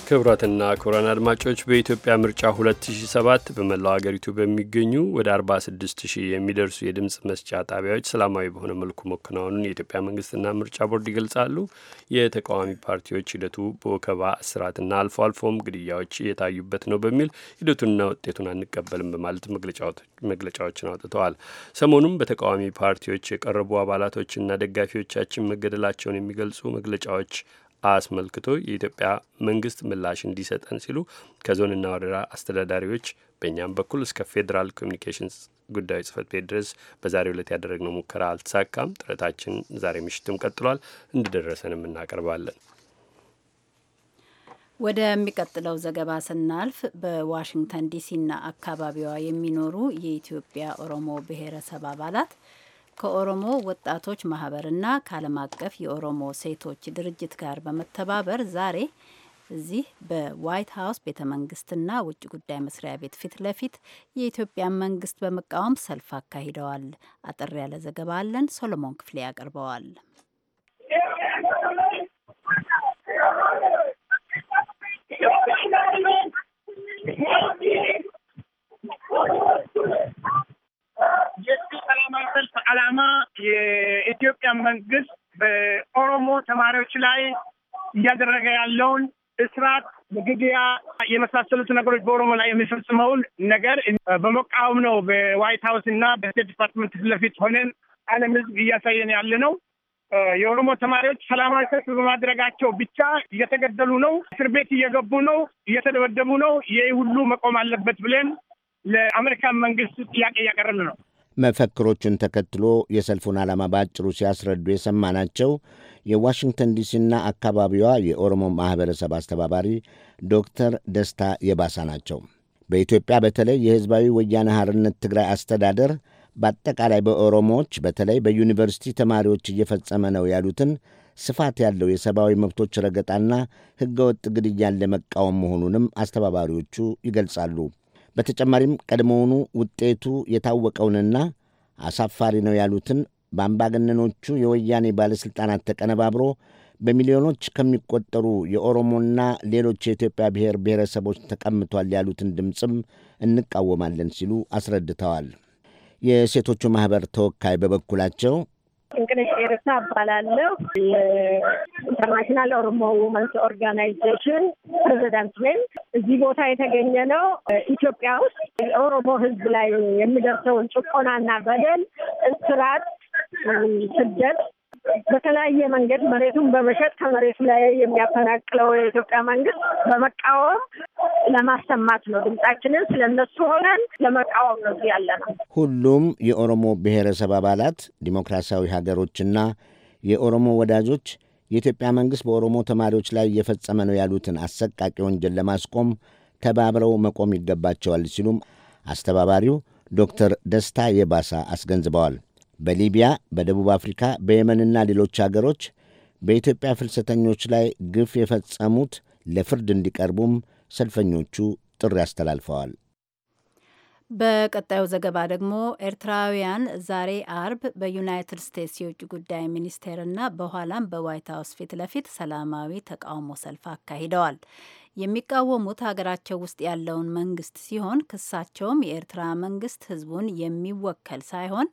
ክቡራትና ክቡራን አድማጮች በኢትዮጵያ ምርጫ 2007 በመላው አገሪቱ በሚገኙ ወደ 46 ሺህ የሚደርሱ የድምፅ መስጫ ጣቢያዎች ሰላማዊ በሆነ መልኩ መከናወኑን የኢትዮጵያ መንግስትና ምርጫ ቦርድ ይገልጻሉ። የተቃዋሚ ፓርቲዎች ሂደቱ በወከባ እስራትና አልፎ አልፎም ግድያዎች የታዩበት ነው በሚል ሂደቱንና ውጤቱን አንቀበልም በማለት መግለጫዎችን አውጥተዋል። ሰሞኑም በተቃዋሚ ፓርቲዎች የቀረቡ አባላቶችና ደጋፊዎቻችን መገደላቸውን የሚገልጹ መግለጫዎች አስመልክቶ የኢትዮጵያ መንግስት ምላሽ እንዲሰጠን ሲሉ ከዞንና ወረዳ አስተዳዳሪዎች በእኛም በኩል እስከ ፌዴራል ኮሚኒኬሽንስ ጉዳዮች ጽህፈት ቤት ድረስ በዛሬው ዕለት ያደረግነው ሙከራ አልተሳካም። ጥረታችን ዛሬ ምሽትም ቀጥሏል። እንደደረሰንም እናቀርባለን። ወደሚቀጥለው ዘገባ ስናልፍ በዋሽንግተን ዲሲና አካባቢዋ የሚኖሩ የኢትዮጵያ ኦሮሞ ብሔረሰብ አባላት ከኦሮሞ ወጣቶች ማህበርና ከዓለም አቀፍ የኦሮሞ ሴቶች ድርጅት ጋር በመተባበር ዛሬ እዚህ በዋይት ሀውስ ቤተ መንግስትና ውጭ ጉዳይ መስሪያ ቤት ፊት ለፊት የኢትዮጵያን መንግስት በመቃወም ሰልፍ አካሂደዋል። አጠር ያለ ዘገባ አለን። ሶሎሞን ክፍሌ ያቀርበዋል። ሰላማዊ ሰልፍ ዓላማ የኢትዮጵያ መንግስት በኦሮሞ ተማሪዎች ላይ እያደረገ ያለውን እስራት፣ በግድያ የመሳሰሉት ነገሮች በኦሮሞ ላይ የሚፈጽመውን ነገር በመቃወም ነው። በዋይት ሀውስ እና በስቴት ዲፓርትመንት ፊት ለፊት ሆነን ዓለም ህዝብ እያሳየን ያለ ነው። የኦሮሞ ተማሪዎች ሰላማዊ ሰልፍ በማድረጋቸው ብቻ እየተገደሉ ነው፣ እስር ቤት እየገቡ ነው፣ እየተደበደቡ ነው። ይህ ሁሉ መቆም አለበት ብለን ለአሜሪካን መንግስት ጥያቄ እያቀረብን ነው። መፈክሮቹን ተከትሎ የሰልፉን ዓላማ በአጭሩ ሲያስረዱ የሰማናቸው የዋሽንግተን ዲሲና አካባቢዋ የኦሮሞ ማኅበረሰብ አስተባባሪ ዶክተር ደስታ የባሳ ናቸው። በኢትዮጵያ በተለይ የሕዝባዊ ወያነ ሐርነት ትግራይ አስተዳደር በአጠቃላይ በኦሮሞዎች በተለይ በዩኒቨርሲቲ ተማሪዎች እየፈጸመ ነው ያሉትን ስፋት ያለው የሰብአዊ መብቶች ረገጣና ሕገወጥ ግድያን ለመቃወም መሆኑንም አስተባባሪዎቹ ይገልጻሉ። በተጨማሪም ቀድሞውኑ ውጤቱ የታወቀውንና አሳፋሪ ነው ያሉትን በአምባገነኖቹ የወያኔ ባለሥልጣናት ተቀነባብሮ በሚሊዮኖች ከሚቆጠሩ የኦሮሞና ሌሎች የኢትዮጵያ ብሔር ብሔረሰቦች ተቀምቷል ያሉትን ድምፅም እንቃወማለን ሲሉ አስረድተዋል። የሴቶቹ ማኅበር ተወካይ በበኩላቸው እንቅነሽ ኤርሳ እባላለሁ። የኢንተርናሽናል ኦሮሞ ውመንስ ኦርጋናይዜሽን ፕሬዚዳንት ነኝ። እዚህ ቦታ የተገኘ ነው ኢትዮጵያ ውስጥ የኦሮሞ ሕዝብ ላይ የሚደርሰውን ጭቆናና በደል፣ እስራት፣ ስደት በተለያየ መንገድ መሬቱን በመሸጥ ከመሬቱ ላይ የሚያፈናቅለው የኢትዮጵያ መንግስት በመቃወም ለማሰማት ነው። ድምጻችንን ስለነሱ ሆነን ለመቃወም ነው ያለ ነው። ሁሉም የኦሮሞ ብሔረሰብ አባላት ዲሞክራሲያዊ ሀገሮችና የኦሮሞ ወዳጆች የኢትዮጵያ መንግስት በኦሮሞ ተማሪዎች ላይ እየፈጸመ ነው ያሉትን አሰቃቂ ወንጀል ለማስቆም ተባብረው መቆም ይገባቸዋል ሲሉም አስተባባሪው ዶክተር ደስታ የባሳ አስገንዝበዋል። በሊቢያ፣ በደቡብ አፍሪካ፣ በየመንና ሌሎች አገሮች በኢትዮጵያ ፍልሰተኞች ላይ ግፍ የፈጸሙት ለፍርድ እንዲቀርቡም ሰልፈኞቹ ጥሪ አስተላልፈዋል። በቀጣዩ ዘገባ ደግሞ ኤርትራውያን ዛሬ አርብ በዩናይትድ ስቴትስ የውጭ ጉዳይ ሚኒስቴርና በኋላም በዋይት ሀውስ ፊት ለፊት ሰላማዊ ተቃውሞ ሰልፍ አካሂደዋል። የሚቃወሙት ሀገራቸው ውስጥ ያለውን መንግስት ሲሆን ክሳቸውም የኤርትራ መንግስት ህዝቡን የሚወከል ሳይሆን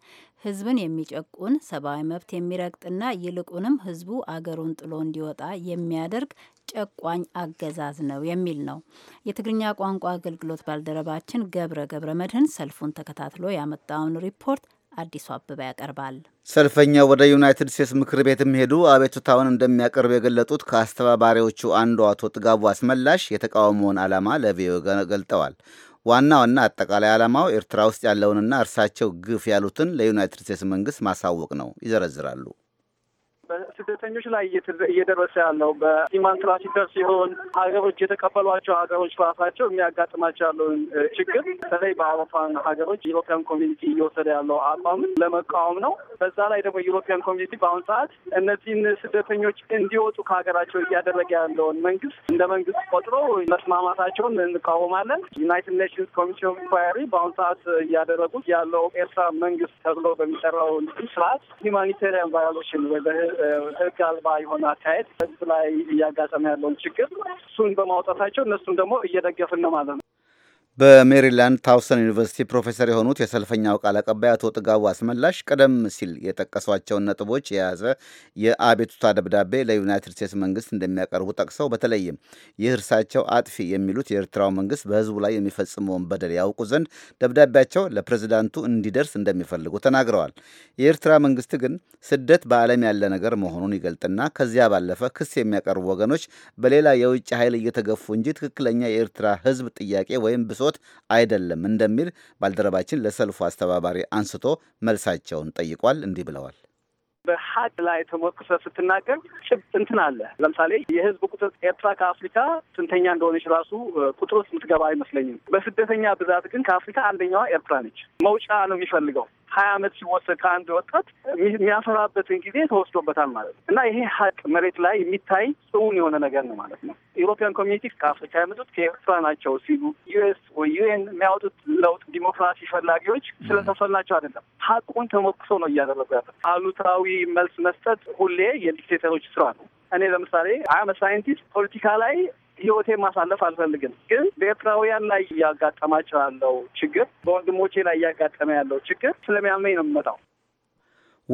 ህዝብን የሚጨቁን ሰብአዊ መብት የሚረግጥና ይልቁንም ህዝቡ አገሩን ጥሎ እንዲወጣ የሚያደርግ ጨቋኝ አገዛዝ ነው የሚል ነው። የትግርኛ ቋንቋ አገልግሎት ባልደረባችን ገብረ ገብረ መድህን ሰልፉን ተከታትሎ ያመጣውን ሪፖርት አዲሱ አበባ ያቀርባል። ሰልፈኛው ወደ ዩናይትድ ስቴትስ ምክር ቤትም ሄዱ አቤቱታውን እንደሚያቀርብ የገለጡት ከአስተባባሪዎቹ አንዱ አቶ ጥጋቡ አስመላሽ የተቃውሞውን ዓላማ ለቪኦኤ ገልጠዋል። ዋናውና አጠቃላይ ዓላማው ኤርትራ ውስጥ ያለውንና እርሳቸው ግፍ ያሉትን ለዩናይትድ ስቴትስ መንግስት ማሳወቅ ነው። ይዘረዝራሉ። በስደተኞች ላይ እየደረሰ ያለው በሂውማን ትራፊከር ሲሆን ሀገሮች የተቀበሏቸው ሀገሮች ራሳቸው የሚያጋጥማቸው ያለውን ችግር በተለይ በአውሮፓን ሀገሮች ዩሮፒያን ኮሚኒቲ እየወሰደ ያለው አቋምን ለመቃወም ነው። በዛ ላይ ደግሞ ዩሮፒያን ኮሚኒቲ በአሁኑ ሰዓት እነዚህን ስደተኞች እንዲወጡ ከሀገራቸው እያደረገ ያለውን መንግስት እንደ መንግስት ቆጥሮ መስማማታቸውን እንቃወማለን። ዩናይትድ ኔሽንስ ኮሚሽን ኦፍ ኢንኳሪ በአሁኑ ሰዓት እያደረጉት ያለው ኤርትራ መንግስት ተብሎ በሚጠራው ስርዓት ሂውማኒቴሪያን ቫዮሌሽን ወይ ህግ አልባ የሆነ አካሄድ ህዝብ ላይ እያጋጠመ ያለውን ችግር እሱን በማውጣታቸው እነሱም ደግሞ እየደገፍን ነው ማለት ነው። በሜሪላንድ ታውሰን ዩኒቨርሲቲ ፕሮፌሰር የሆኑት የሰልፈኛው ቃል አቀባይ አቶ ጥጋቡ አስመላሽ ቀደም ሲል የጠቀሷቸውን ነጥቦች የያዘ የአቤቱታ ደብዳቤ ለዩናይትድ ስቴትስ መንግስት እንደሚያቀርቡ ጠቅሰው በተለይም ይህ እርሳቸው አጥፊ የሚሉት የኤርትራው መንግስት በህዝቡ ላይ የሚፈጽመውን በደል ያውቁ ዘንድ ደብዳቤያቸው ለፕሬዚዳንቱ እንዲደርስ እንደሚፈልጉ ተናግረዋል። የኤርትራ መንግስት ግን ስደት በዓለም ያለ ነገር መሆኑን ይገልጥና ከዚያ ባለፈ ክስ የሚያቀርቡ ወገኖች በሌላ የውጭ ኃይል እየተገፉ እንጂ ትክክለኛ የኤርትራ ህዝብ ጥያቄ ወይም ብሶት አይደለም እንደሚል ባልደረባችን ለሰልፉ አስተባባሪ አንስቶ መልሳቸውን ጠይቋል። እንዲህ ብለዋል። በሀቅ ላይ ተሞክሰ ስትናገር ጭብጥ እንትን አለ። ለምሳሌ የህዝብ ቁጥር ኤርትራ ከአፍሪካ ስንተኛ እንደሆነች ራሱ ቁጥር ውስጥ የምትገባ አይመስለኝም። በስደተኛ ብዛት ግን ከአፍሪካ አንደኛዋ ኤርትራ ነች። መውጫ ነው የሚፈልገው ሀያ አመት ሲወሰድ ከአንድ ወጣት የሚያፈራበትን ጊዜ ተወስዶበታል ማለት ነው እና ይሄ ሀቅ መሬት ላይ የሚታይ ጽውን የሆነ ነገር ነው ማለት ነው። ዩሮፒያን ኮሚኒቲ ከአፍሪካ የመጡት ከኤርትራ ናቸው ሲሉ ዩኤስ ወይ ዩኤን የሚያወጡት ለውጥ ዲሞክራሲ ፈላጊዎች ስለተፈላቸው አይደለም። ሀቁን ተሞክሶ ነው እያደረጉ ያለ። አሉታዊ መልስ መስጠት ሁሌ የዲክቴተሮች ስራ ነው። እኔ ለምሳሌ አመ ሳይንቲስት ፖለቲካ ላይ ህይወቴ ማሳለፍ አልፈልግም። ግን በኤርትራውያን ላይ እያጋጠማቸው ያለው ችግር፣ በወንድሞቼ ላይ እያጋጠመ ያለው ችግር ስለሚያመኝ ነው የምመጣው።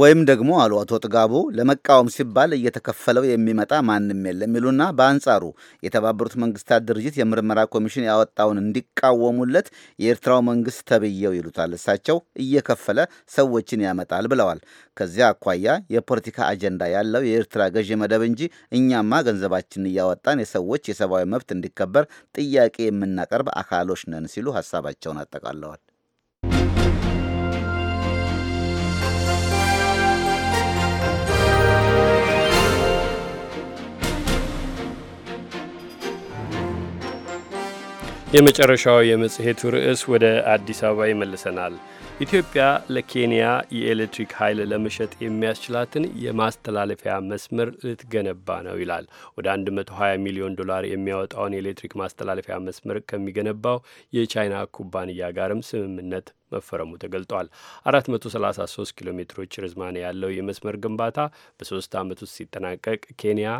ወይም ደግሞ አሉ አቶ ጥጋቡ ለመቃወም ሲባል እየተከፈለው የሚመጣ ማንም የለም ይሉና በአንጻሩ የተባበሩት መንግስታት ድርጅት የምርመራ ኮሚሽን ያወጣውን እንዲቃወሙለት የኤርትራው መንግስት ተብየው ይሉታል እሳቸው እየከፈለ ሰዎችን ያመጣል ብለዋል። ከዚያ አኳያ የፖለቲካ አጀንዳ ያለው የኤርትራ ገዢ መደብ እንጂ እኛማ ገንዘባችንን እያወጣን የሰዎች የሰብአዊ መብት እንዲከበር ጥያቄ የምናቀርብ አካሎች ነን ሲሉ ሀሳባቸውን አጠቃለዋል። የመጨረሻው የመጽሔቱ ርዕስ ወደ አዲስ አበባ ይመልሰናል። ኢትዮጵያ ለኬንያ የኤሌክትሪክ ኃይል ለመሸጥ የሚያስችላትን የማስተላለፊያ መስመር ልትገነባ ነው ይላል። ወደ 120 ሚሊዮን ዶላር የሚያወጣውን የኤሌክትሪክ ማስተላለፊያ መስመር ከሚገነባው የቻይና ኩባንያ ጋርም ስምምነት መፈረሙ ተገልጧል። 433 ኪሎ ሜትሮች ርዝማኔ ያለው የመስመር ግንባታ በሶስት ዓመት ውስጥ ሲጠናቀቅ ኬንያ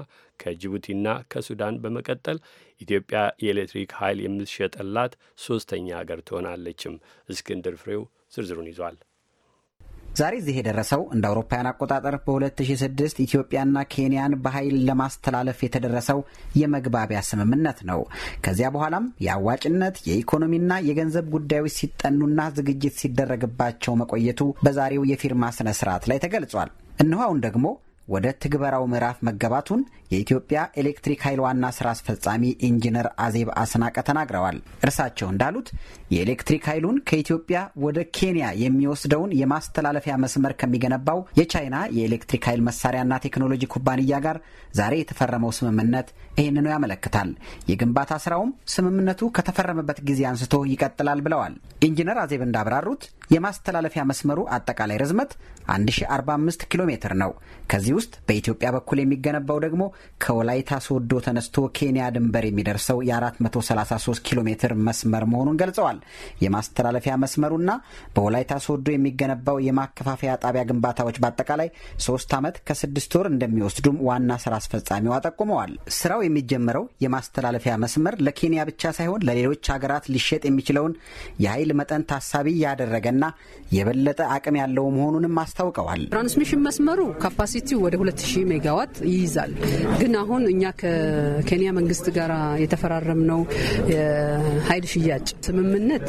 ከጅቡቲና ከሱዳን በመቀጠል ኢትዮጵያ የኤሌክትሪክ ኃይል የምትሸጥላት ሶስተኛ ሀገር ትሆናለችም። እስክንድር ፍሬው ዝርዝሩን ይዟል። ዛሬ እዚህ የደረሰው እንደ አውሮፓውያን አቆጣጠር በ2006 ኢትዮጵያና ኬንያን በኃይል ለማስተላለፍ የተደረሰው የመግባቢያ ስምምነት ነው። ከዚያ በኋላም የአዋጭነት የኢኮኖሚና የገንዘብ ጉዳዮች ሲጠኑና ዝግጅት ሲደረግባቸው መቆየቱ በዛሬው የፊርማ ስነ ስርዓት ላይ ተገልጿል። እነሆ አሁን ደግሞ ወደ ትግበራው ምዕራፍ መገባቱን የኢትዮጵያ ኤሌክትሪክ ኃይል ዋና ስራ አስፈጻሚ ኢንጂነር አዜብ አስናቀ ተናግረዋል። እርሳቸው እንዳሉት የኤሌክትሪክ ኃይሉን ከኢትዮጵያ ወደ ኬንያ የሚወስደውን የማስተላለፊያ መስመር ከሚገነባው የቻይና የኤሌክትሪክ ኃይል መሳሪያና ቴክኖሎጂ ኩባንያ ጋር ዛሬ የተፈረመው ስምምነት ይህንኑ ያመለክታል። የግንባታ ስራውም ስምምነቱ ከተፈረመበት ጊዜ አንስቶ ይቀጥላል ብለዋል። ኢንጂነር አዜብ እንዳብራሩት የማስተላለፊያ መስመሩ አጠቃላይ ርዝመት 1045 ኪሎ ሜትር ነው። ከዚህ ውስጥ በኢትዮጵያ በኩል የሚገነባው ደግሞ ከወላይታ ሶዶ ተነስቶ ኬንያ ድንበር የሚደርሰው የ433 ኪሎ ሜትር መስመር መሆኑን ገልጸዋል። የማስተላለፊያ መስመሩና በወላይታ ሶዶ የሚገነባው የማከፋፈያ ጣቢያ ግንባታዎች በአጠቃላይ ሶስት ዓመት ከስድስት ወር እንደሚወስዱም ዋና ስራ አስፈጻሚዋ ጠቁመዋል። ስራው የሚጀመረው የማስተላለፊያ መስመር ለኬንያ ብቻ ሳይሆን ለሌሎች ሀገራት ሊሸጥ የሚችለውን የኃይል መጠን ታሳቢ ያደረገና የበለጠ አቅም ያለው መሆኑንም አስታውቀዋል። ትራንስሚሽን መስመሩ ካፓሲቲው ወደ 2000 ሜጋዋት ይይዛል። ግን አሁን እኛ ከኬንያ መንግስት ጋር የተፈራረምነው የኃይል ሽያጭ ስምምነት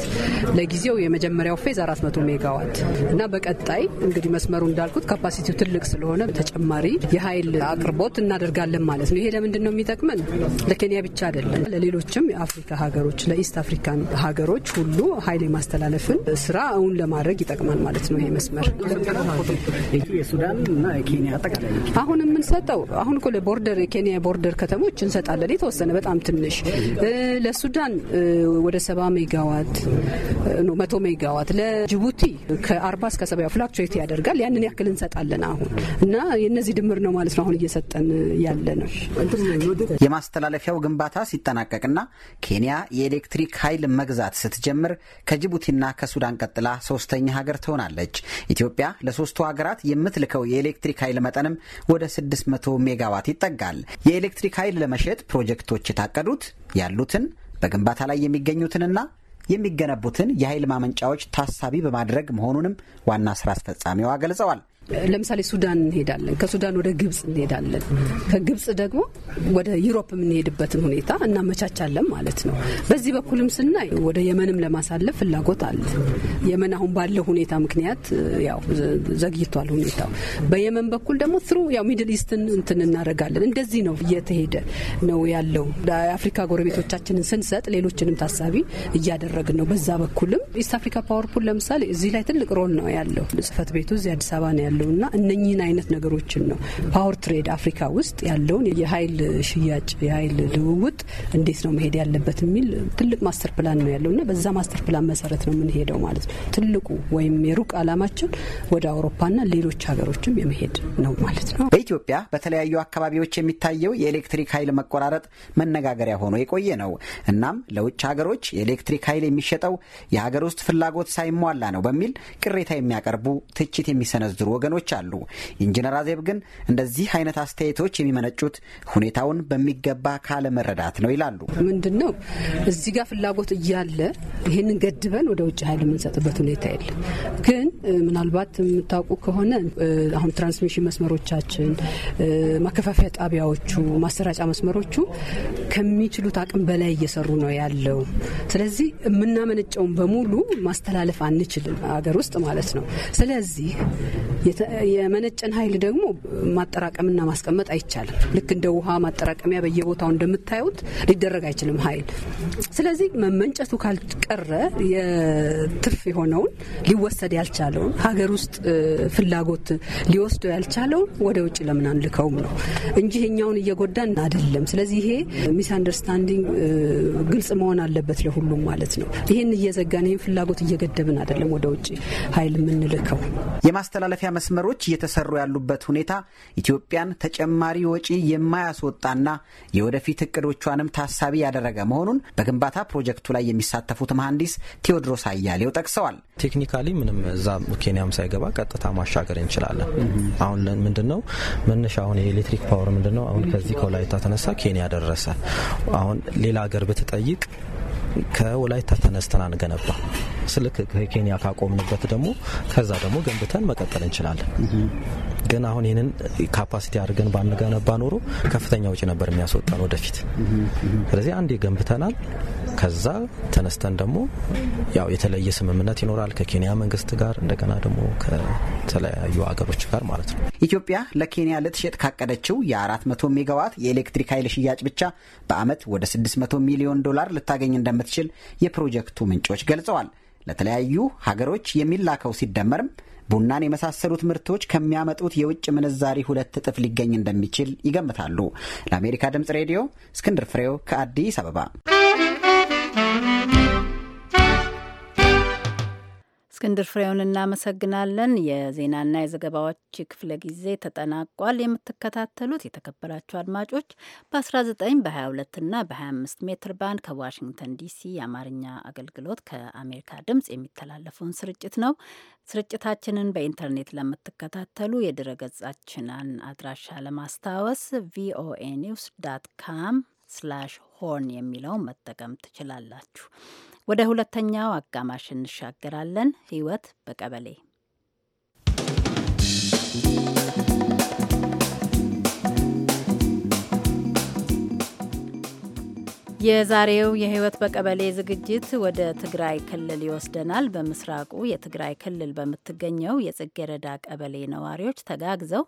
ለጊዜው የመጀመሪያው ፌዝ 400 ሜጋዋት እና በቀጣይ እንግዲህ መስመሩ እንዳልኩት ካፓሲቲው ትልቅ ስለሆነ ተጨማሪ የኃይል አቅርቦት እናደርጋለን ማለት ነው። ይሄ ለምንድን ነው የሚጠቅመን? ለኬንያ ብቻ አይደለም፣ ለሌሎችም የአፍሪካ ሀገሮች ለኢስት አፍሪካን ሀገሮች ሁሉ ኃይል የማስተላለፍን ስራ እውን ለማድረግ ይጠቅማል ማለት ነው ይሄ መስመር የሱዳን እና የኬንያ አጠቃላይ አሁን የምንሰጠው አሁን እኮ ለቦርደር የኬንያ ቦርደር ከተሞች እንሰጣለን የተወሰነ በጣም ትንሽ ለሱዳን ወደ ሰባ ሜጋዋት ነው መቶ ሜጋዋት ለጅቡቲ ከአርባ እስከ ሰባ ፍላክቸት ያደርጋል ያንን ያክል እንሰጣለን አሁን እና የነዚህ ድምር ነው ማለት ነው አሁን እየሰጠን ያለ ነው የማስተላለፊያው ግንባታ ሲጠናቀቅና ኬንያ የኤሌክትሪክ ኃይል መግዛት ስትጀምር ከጅቡቲና ከሱዳን ቀጥላ ሶስተኛ ሀገር ትሆናለች ኢትዮጵያ ከ ሀገራት የምትልከው የኤሌክትሪክ ኃይል መጠንም ወደ 600 ሜጋዋት ይጠጋል። የኤሌክትሪክ ኃይል ለመሸጥ ፕሮጀክቶች የታቀዱት ያሉትን በግንባታ ላይ የሚገኙትንና የሚገነቡትን የኃይል ማመንጫዎች ታሳቢ በማድረግ መሆኑንም ዋና ስራ አስፈጻሚዋ ገልጸዋል። ለምሳሌ ሱዳን እንሄዳለን፣ ከሱዳን ወደ ግብጽ እንሄዳለን፣ ከግብጽ ደግሞ ወደ ዩሮፕ የምንሄድበትን ሁኔታ እናመቻቻለን ማለት ነው። በዚህ በኩልም ስናይ ወደ የመንም ለማሳለፍ ፍላጎት አለ። የመን አሁን ባለው ሁኔታ ምክንያት ያው ዘግይቷል ሁኔታው። በየመን በኩል ደግሞ ትሩ ያው ሚድል ኢስትን እንትን እናደርጋለን። እንደዚህ ነው እየተሄደ ነው ያለው። አፍሪካ ጎረቤቶቻችንን ስንሰጥ ሌሎችንም ታሳቢ እያደረግን ነው። በዛ በኩልም ኢስት አፍሪካ ፓወር ለምሳሌ እዚህ ላይ ትልቅ ሮል ነው ያለው። ጽህፈት ቤቱ እዚህ አዲስ አበባ ነው ያለው። ያለውና እነኚህን አይነት ነገሮችን ነው ፓወር ትሬድ አፍሪካ ውስጥ ያለውን የሀይል ሽያጭ የሀይል ልውውጥ እንዴት ነው መሄድ ያለበት የሚል ትልቅ ማስተር ፕላን ነው ያለውና በዛ ማስተር ፕላን መሰረት ነው የምንሄደው ማለት ነው። ትልቁ ወይም የሩቅ አላማችን ወደ አውሮፓና ሌሎች ሀገሮችም የመሄድ ነው ማለት ነው። በኢትዮጵያ በተለያዩ አካባቢዎች የሚታየው የኤሌክትሪክ ኃይል መቆራረጥ መነጋገሪያ ሆኖ የቆየ ነው። እናም ለውጭ ሀገሮች የኤሌክትሪክ ኃይል የሚሸጠው የሀገር ውስጥ ፍላጎት ሳይሟላ ነው በሚል ቅሬታ የሚያቀርቡ ትችት የሚሰነዝሩ ወገኖች ወገኖች አሉ። ኢንጂነር አዜብ ግን እንደዚህ አይነት አስተያየቶች የሚመነጩት ሁኔታውን በሚገባ ካለመረዳት ነው ይላሉ። ምንድን ነው እዚህ ጋር ፍላጎት እያለ ይህንን ገድበን ወደ ውጭ ኃይል የምንሰጥበት ሁኔታ የለ። ግን ምናልባት የምታውቁ ከሆነ አሁን ትራንስሚሽን መስመሮቻችን፣ ማከፋፈያ ጣቢያዎቹ፣ ማሰራጫ መስመሮቹ ከሚችሉት አቅም በላይ እየሰሩ ነው ያለው። ስለዚህ የምናመነጨውን በሙሉ ማስተላለፍ አንችልም፣ አገር ውስጥ ማለት ነው። ስለዚህ የመነጨን ኃይል ደግሞ ማጠራቀምና ማስቀመጥ አይቻልም። ልክ እንደ ውሃ ማጠራቀሚያ በየቦታው እንደምታዩት ሊደረግ አይችልም ኃይል። ስለዚህ መመንጨቱ ካልቀረ የትርፍ የሆነውን ሊወሰድ ያልቻለውን ሀገር ውስጥ ፍላጎት ሊወስደው ያልቻለውን ወደ ውጭ ለምን አንልከውም ነው እንጂ እኛውን እየጎዳን አይደለም። ስለዚህ ይሄ ሚስ አንደርስታንዲንግ ግልጽ መሆን አለበት ለሁሉም ማለት ነው። ይህን እየዘጋን ይህን ፍላጎት እየገደብን አይደለም ወደ ውጭ ኃይል የምንልከው የማስተላለፊያ መስመሮች እየተሰሩ ያሉበት ሁኔታ ኢትዮጵያን ተጨማሪ ወጪ የማያስወጣና የወደፊት እቅዶቿንም ታሳቢ ያደረገ መሆኑን በግንባታ ፕሮጀክቱ ላይ የሚሳተፉት መሐንዲስ ቴዎድሮስ አያሌው ጠቅሰዋል። ቴክኒካሊ ምንም እዛ ኬንያም ሳይገባ ቀጥታ ማሻገር እንችላለን። አሁን ነው መነሻ አሁን የኤሌክትሪክ ፓወር ምንድነው አሁን ከዚህ ከወላይታ ተነሳ ኬንያ ደረሰ። አሁን ሌላ ሀገር ብትጠይቅ ከወላይታ ተነስተን አንገነባ ስልክ ከኬንያ ካቆምንበት ደግሞ ከዛ ደግሞ ገንብተን መቀጠል እንችላለን። ግን አሁን ይህንን ካፓሲቲ አድርገን ባንገነባ ኖሮ ከፍተኛ ውጭ ነበር የሚያስወጣን ወደፊት። ስለዚህ አንዴ ገንብተናል። ከዛ ተነስተን ደግሞ ያው የተለየ ስምምነት ይኖራል ከኬንያ መንግስት ጋር እንደገና ደግሞ ከተለያዩ ሀገሮች ጋር ማለት ነው። ኢትዮጵያ ለኬንያ ልትሸጥ ካቀደችው የ400 ሜጋዋት የኤሌክትሪክ ኃይል ሽያጭ ብቻ በአመት ወደ 600 ሚሊዮን ዶላር ልታገኝ እንደ እንደምትችል የፕሮጀክቱ ምንጮች ገልጸዋል። ለተለያዩ ሀገሮች የሚላከው ሲደመርም ቡናን የመሳሰሉት ምርቶች ከሚያመጡት የውጭ ምንዛሪ ሁለት እጥፍ ሊገኝ እንደሚችል ይገምታሉ። ለአሜሪካ ድምፅ ሬዲዮ እስክንድር ፍሬው ከአዲስ አበባ እስክንድር ፍሬውን እናመሰግናለን። የዜናና የዘገባዎች ክፍለ ጊዜ ተጠናቋል። የምትከታተሉት የተከበራችሁ አድማጮች በ19 በ22ና በ25 ሜትር ባንድ ከዋሽንግተን ዲሲ የአማርኛ አገልግሎት ከአሜሪካ ድምፅ የሚተላለፈውን ስርጭት ነው። ስርጭታችንን በኢንተርኔት ለምትከታተሉ የድረገጻችንን አድራሻ ለማስታወስ ቪኦኤ ኒውስ ዳት ካም ስላሽ ሆርን የሚለውን መጠቀም ትችላላችሁ። ወደ ሁለተኛው አጋማሽ እንሻገራለን። ህይወት በቀበሌ የዛሬው የህይወት በቀበሌ ዝግጅት ወደ ትግራይ ክልል ይወስደናል። በምስራቁ የትግራይ ክልል በምትገኘው የጽጌረዳ ቀበሌ ነዋሪዎች ተጋግዘው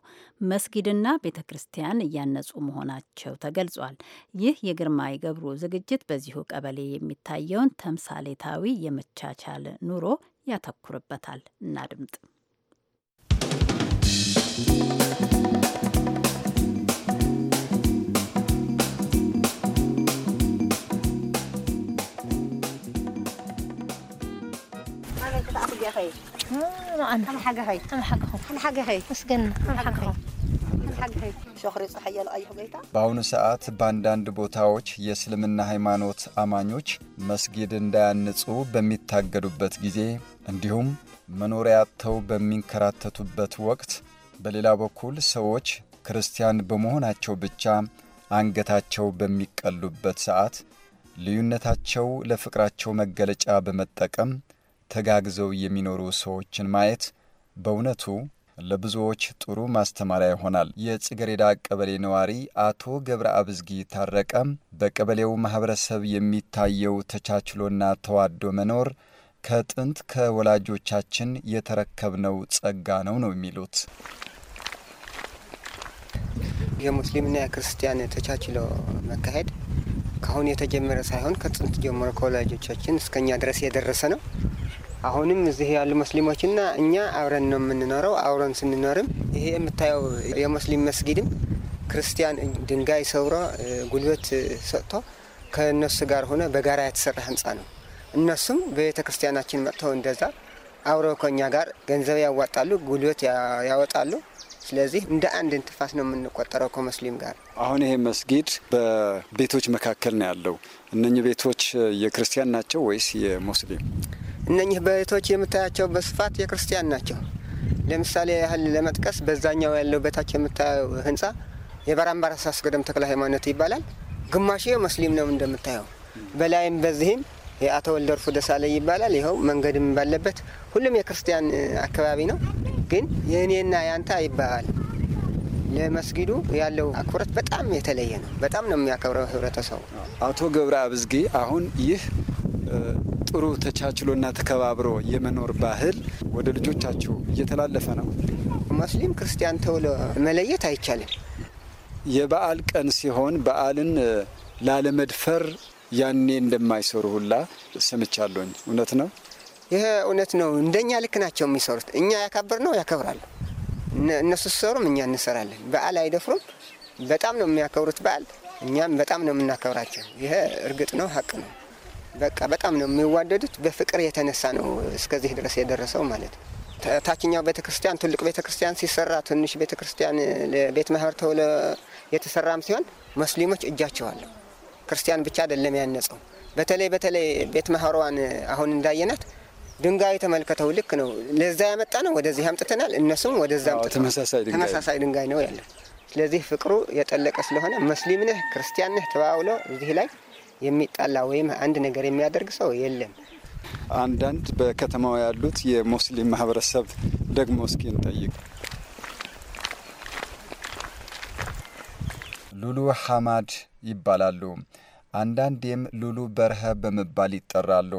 መስጊድና ቤተ ክርስቲያን እያነጹ መሆናቸው ተገልጿል። ይህ የግርማይ ገብሩ ዝግጅት በዚሁ ቀበሌ የሚታየውን ተምሳሌታዊ የመቻቻል ኑሮ ያተኩርበታል። እናድምጥ። በአሁኑ ሰዓት በአንዳንድ ቦታዎች የእስልምና ሃይማኖት አማኞች መስጊድ እንዳያንጹ በሚታገዱበት ጊዜ እንዲሁም መኖሪያ አጥተው በሚንከራተቱበት ወቅት በሌላ በኩል ሰዎች ክርስቲያን በመሆናቸው ብቻ አንገታቸው በሚቀሉበት ሰዓት ልዩነታቸው ለፍቅራቸው መገለጫ በመጠቀም ተጋግዘው የሚኖሩ ሰዎችን ማየት በእውነቱ ለብዙዎች ጥሩ ማስተማሪያ ይሆናል። የጽገሬዳ ቀበሌ ነዋሪ አቶ ገብረ አብዝጊ ታረቀም በቀበሌው ማህበረሰብ የሚታየው ተቻችሎና ተዋዶ መኖር ከጥንት ከወላጆቻችን የተረከብነው ጸጋ ነው ነው የሚሉት። የሙስሊምና የክርስቲያን ተቻችሎ መካሄድ ከአሁን የተጀመረ ሳይሆን ከጥንት ጀምሮ ከወላጆቻችን እስከኛ ድረስ የደረሰ ነው። አሁንም እዚህ ያሉ ሙስሊሞችና እኛ አብረን ነው የምንኖረው። አብረን ስንኖርም ይሄ የምታየው የሙስሊም መስጊድም ክርስቲያን ድንጋይ ሰብሮ ጉልበት ሰጥቶ ከእነሱ ጋር ሆነ በጋራ የተሰራ ህንፃ ነው። እነሱም በቤተ ክርስቲያናችን መጥተው እንደዛ አብረው ከኛ ጋር ገንዘብ ያዋጣሉ፣ ጉልበት ያወጣሉ። ስለዚህ እንደ አንድ እንትፋስ ነው የምንቆጠረው ከሙስሊም ጋር። አሁን ይሄ መስጊድ በቤቶች መካከል ነው ያለው። እነኚህ ቤቶች የክርስቲያን ናቸው ወይስ የሙስሊም? እነኚህ ቤቶች የምታያቸው በስፋት የክርስቲያን ናቸው። ለምሳሌ ያህል ለመጥቀስ በዛኛው ያለው በታች የምታየው ህንፃ የበራምባራስ አስገደም ተክለ ሃይማኖት ይባላል። ግማሽ ሙስሊም ነው እንደምታየው። በላይም በዚህም የአቶ ወልደርፉ ደሳለኝ ይባላል። ይኸው መንገድም ባለበት ሁሉም የክርስቲያን አካባቢ ነው። ግን የእኔና ያንተ ይባላል። ለመስጊዱ ያለው አክብረት በጣም የተለየ ነው። በጣም ነው የሚያከብረው ህብረተሰቡ። አቶ ገብረ አብዝጌ አሁን ይህ ጥሩ ተቻችሎና ተከባብሮ የመኖር ባህል ወደ ልጆቻችሁ እየተላለፈ ነው። ሙስሊም ክርስቲያን ተብሎ መለየት አይቻልም። የበዓል ቀን ሲሆን በዓልን ላለመድፈር ያኔ እንደማይሰሩ ሁላ ሰምቻለሁኝ። እውነት ነው፣ ይህ እውነት ነው። እንደኛ ልክ ናቸው የሚሰሩት። እኛ ያካበር ነው ያከብራሉ። እነሱ ሲሰሩም እኛ እንሰራለን። በዓል አይደፍሩም። በጣም ነው የሚያከብሩት በዓል። እኛም በጣም ነው የምናከብራቸው። ይሄ እርግጥ ነው፣ ሀቅ ነው። በቃ በጣም ነው የሚዋደዱት። በፍቅር የተነሳ ነው እስከዚህ ድረስ የደረሰው ማለት ነው። ታችኛው ቤተክርስቲያን ትልቅ ቤተክርስቲያን ሲሰራ ትንሽ ቤተክርስቲያን ቤት ማህበር ተብሎ የተሰራም ሲሆን ሙስሊሞች እጃቸው አለው። ክርስቲያን ብቻ አይደለም ያነጸው። በተለይ በተለይ ቤት መሀሯን አሁን እንዳየናት ድንጋይ ተመልከተው ልክ ነው። ለዛ ያመጣ ነው ወደዚህ አምጥተናል፣ እነሱም ወደዛ ተመሳሳይ ድንጋይ ነው ያለው። ስለዚህ ፍቅሩ የጠለቀ ስለሆነ መስሊም ነህ ክርስቲያን ነህ ተባብሎ እዚህ ላይ የሚጣላ ወይም አንድ ነገር የሚያደርግ ሰው የለም። አንዳንድ በከተማው ያሉት የሙስሊም ማህበረሰብ ደግሞ እስኪ እንጠይቅ። ሉሉ ሐማድ ይባላሉ። አንዳንዴም ሉሉ በርሀ በመባል ይጠራሉ።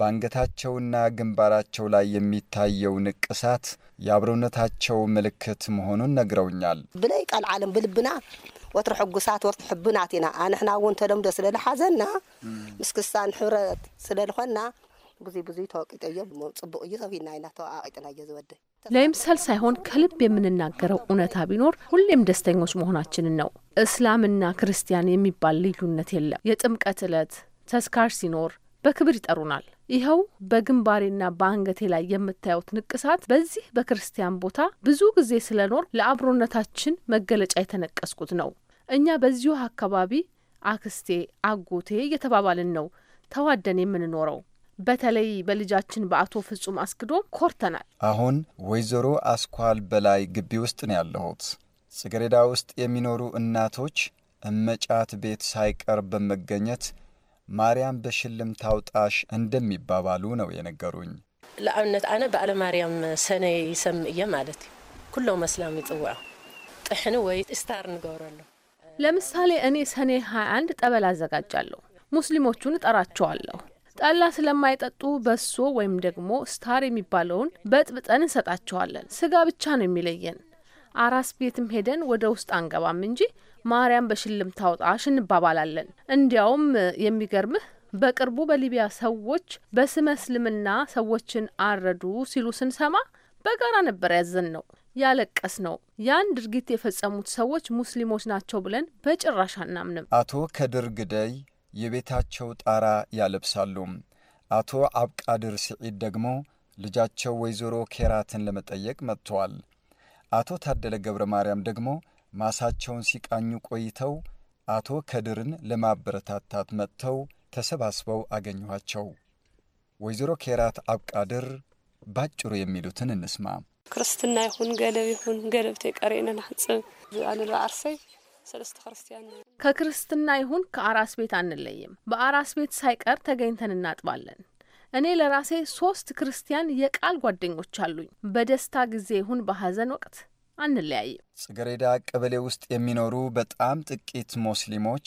በአንገታቸውና ግንባራቸው ላይ የሚታየው ንቅሳት የአብሮነታቸው ምልክት መሆኑን ነግረውኛል። ብለይ ቃል ዓለም ብልብና ወትሪ ሕጉሳት ወርቲ ሕቡናት ኢና ኣንሕና እውን ተለምዶ ስለዝሓዘና ምስ ክሳን ሕብረት ስለዝኾንና ብዙይ ብዙይ ተወቂጦ እዮም ፅቡቅ እዩ ሰፊና ኢና ተዋቂጥና እየ ዝወድእ ለምሳል ሳይሆን ከልብ የምንናገረው እውነታ ቢኖር ሁሌም ደስተኞች መሆናችንን ነው። እስላምና ክርስቲያን የሚባል ልዩነት የለም። የጥምቀት ዕለት ተስካር ሲኖር በክብር ይጠሩናል። ይኸው በግንባሬና በአንገቴ ላይ የምታዩት ንቅሳት በዚህ በክርስቲያን ቦታ ብዙ ጊዜ ስለኖር ለአብሮነታችን መገለጫ የተነቀስኩት ነው። እኛ በዚሁ አካባቢ አክስቴ፣ አጎቴ እየተባባልን ነው ተዋደን የምንኖረው። በተለይ በልጃችን በአቶ ፍጹም አስክዶ ኮርተናል። አሁን ወይዘሮ አስኳል በላይ ግቢ ውስጥ ነው ያለሁት። ጽጌረዳ ውስጥ የሚኖሩ እናቶች እመጫት ቤት ሳይቀር በመገኘት ማርያም በሽልም ታውጣሽ እንደሚባባሉ ነው የነገሩኝ። ለአብነት አነ በዓለ ማርያም ሰነ ይሰም እየ ማለት እዩ ኩሎ መስላም ይጽውዑ ጥሕን ወይ እስታር ንገብረሉ ለምሳሌ እኔ ሰኔ 21 ጠበል አዘጋጃለሁ። ሙስሊሞቹን እጠራቸዋለሁ። ጠላ ስለማይጠጡ በሶ ወይም ደግሞ ስታር የሚባለውን በጥብጠን እንሰጣቸዋለን። ስጋ ብቻ ነው የሚለየን። አራስ ቤትም ሄደን ወደ ውስጥ አንገባም እንጂ ማርያም በሽልም ታውጣሽ እንባባላለን። እንዲያውም የሚገርምህ በቅርቡ በሊቢያ ሰዎች በስመ እስልምና ሰዎችን አረዱ ሲሉ ስንሰማ በጋራ ነበር ያዘን ነው ያለቀስ ነው። ያን ድርጊት የፈጸሙት ሰዎች ሙስሊሞች ናቸው ብለን በጭራሽ አናምንም። አቶ ከድር ግደይ የቤታቸው ጣራ ያለብሳሉ። አቶ አብቃድር ስዒድ ደግሞ ልጃቸው ወይዘሮ ኬራትን ለመጠየቅ መጥተዋል። አቶ ታደለ ገብረ ማርያም ደግሞ ማሳቸውን ሲቃኙ ቆይተው አቶ ከድርን ለማበረታታት መጥተው ተሰባስበው አገኘኋቸው። ወይዘሮ ኬራት አብቃድር ባጭሩ የሚሉትን እንስማ። ክርስትና ይሁን ገለብ ይሁን ገለብተይ ቀሪእነ ናሕፅብ ኣነ ዓርሰይ ሰለስተ ክርስቲያን ከክርስትና ይሁን ከአራስ ቤት አንለይም። በአራስ ቤት ሳይቀር ተገኝተን እናጥባለን። እኔ ለራሴ ሶስት ክርስቲያን የቃል ጓደኞች አሉኝ። በደስታ ጊዜ ይሁን በሀዘን ወቅት አንለያይም። ጽገሬዳ ቀበሌ ውስጥ የሚኖሩ በጣም ጥቂት ሙስሊሞች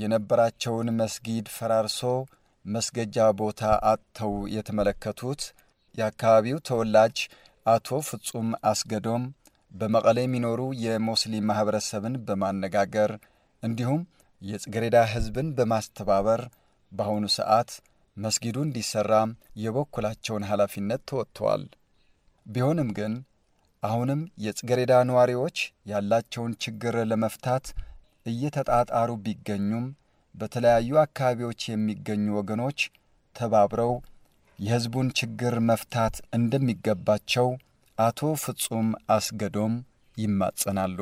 የነበራቸውን መስጊድ ፈራርሶ መስገጃ ቦታ አጥተው የተመለከቱት የአካባቢው ተወላጅ አቶ ፍጹም አስገዶም በመቀሌ የሚኖሩ የሙስሊም ማህበረሰብን በማነጋገር እንዲሁም የጽግሬዳ ህዝብን በማስተባበር በአሁኑ ሰዓት መስጊዱ እንዲሠራ የበኩላቸውን ኃላፊነት ተወጥተዋል። ቢሆንም ግን አሁንም የጽግሬዳ ነዋሪዎች ያላቸውን ችግር ለመፍታት እየተጣጣሩ ቢገኙም በተለያዩ አካባቢዎች የሚገኙ ወገኖች ተባብረው የሕዝቡን ችግር መፍታት እንደሚገባቸው አቶ ፍጹም አስገዶም ይማጸናሉ።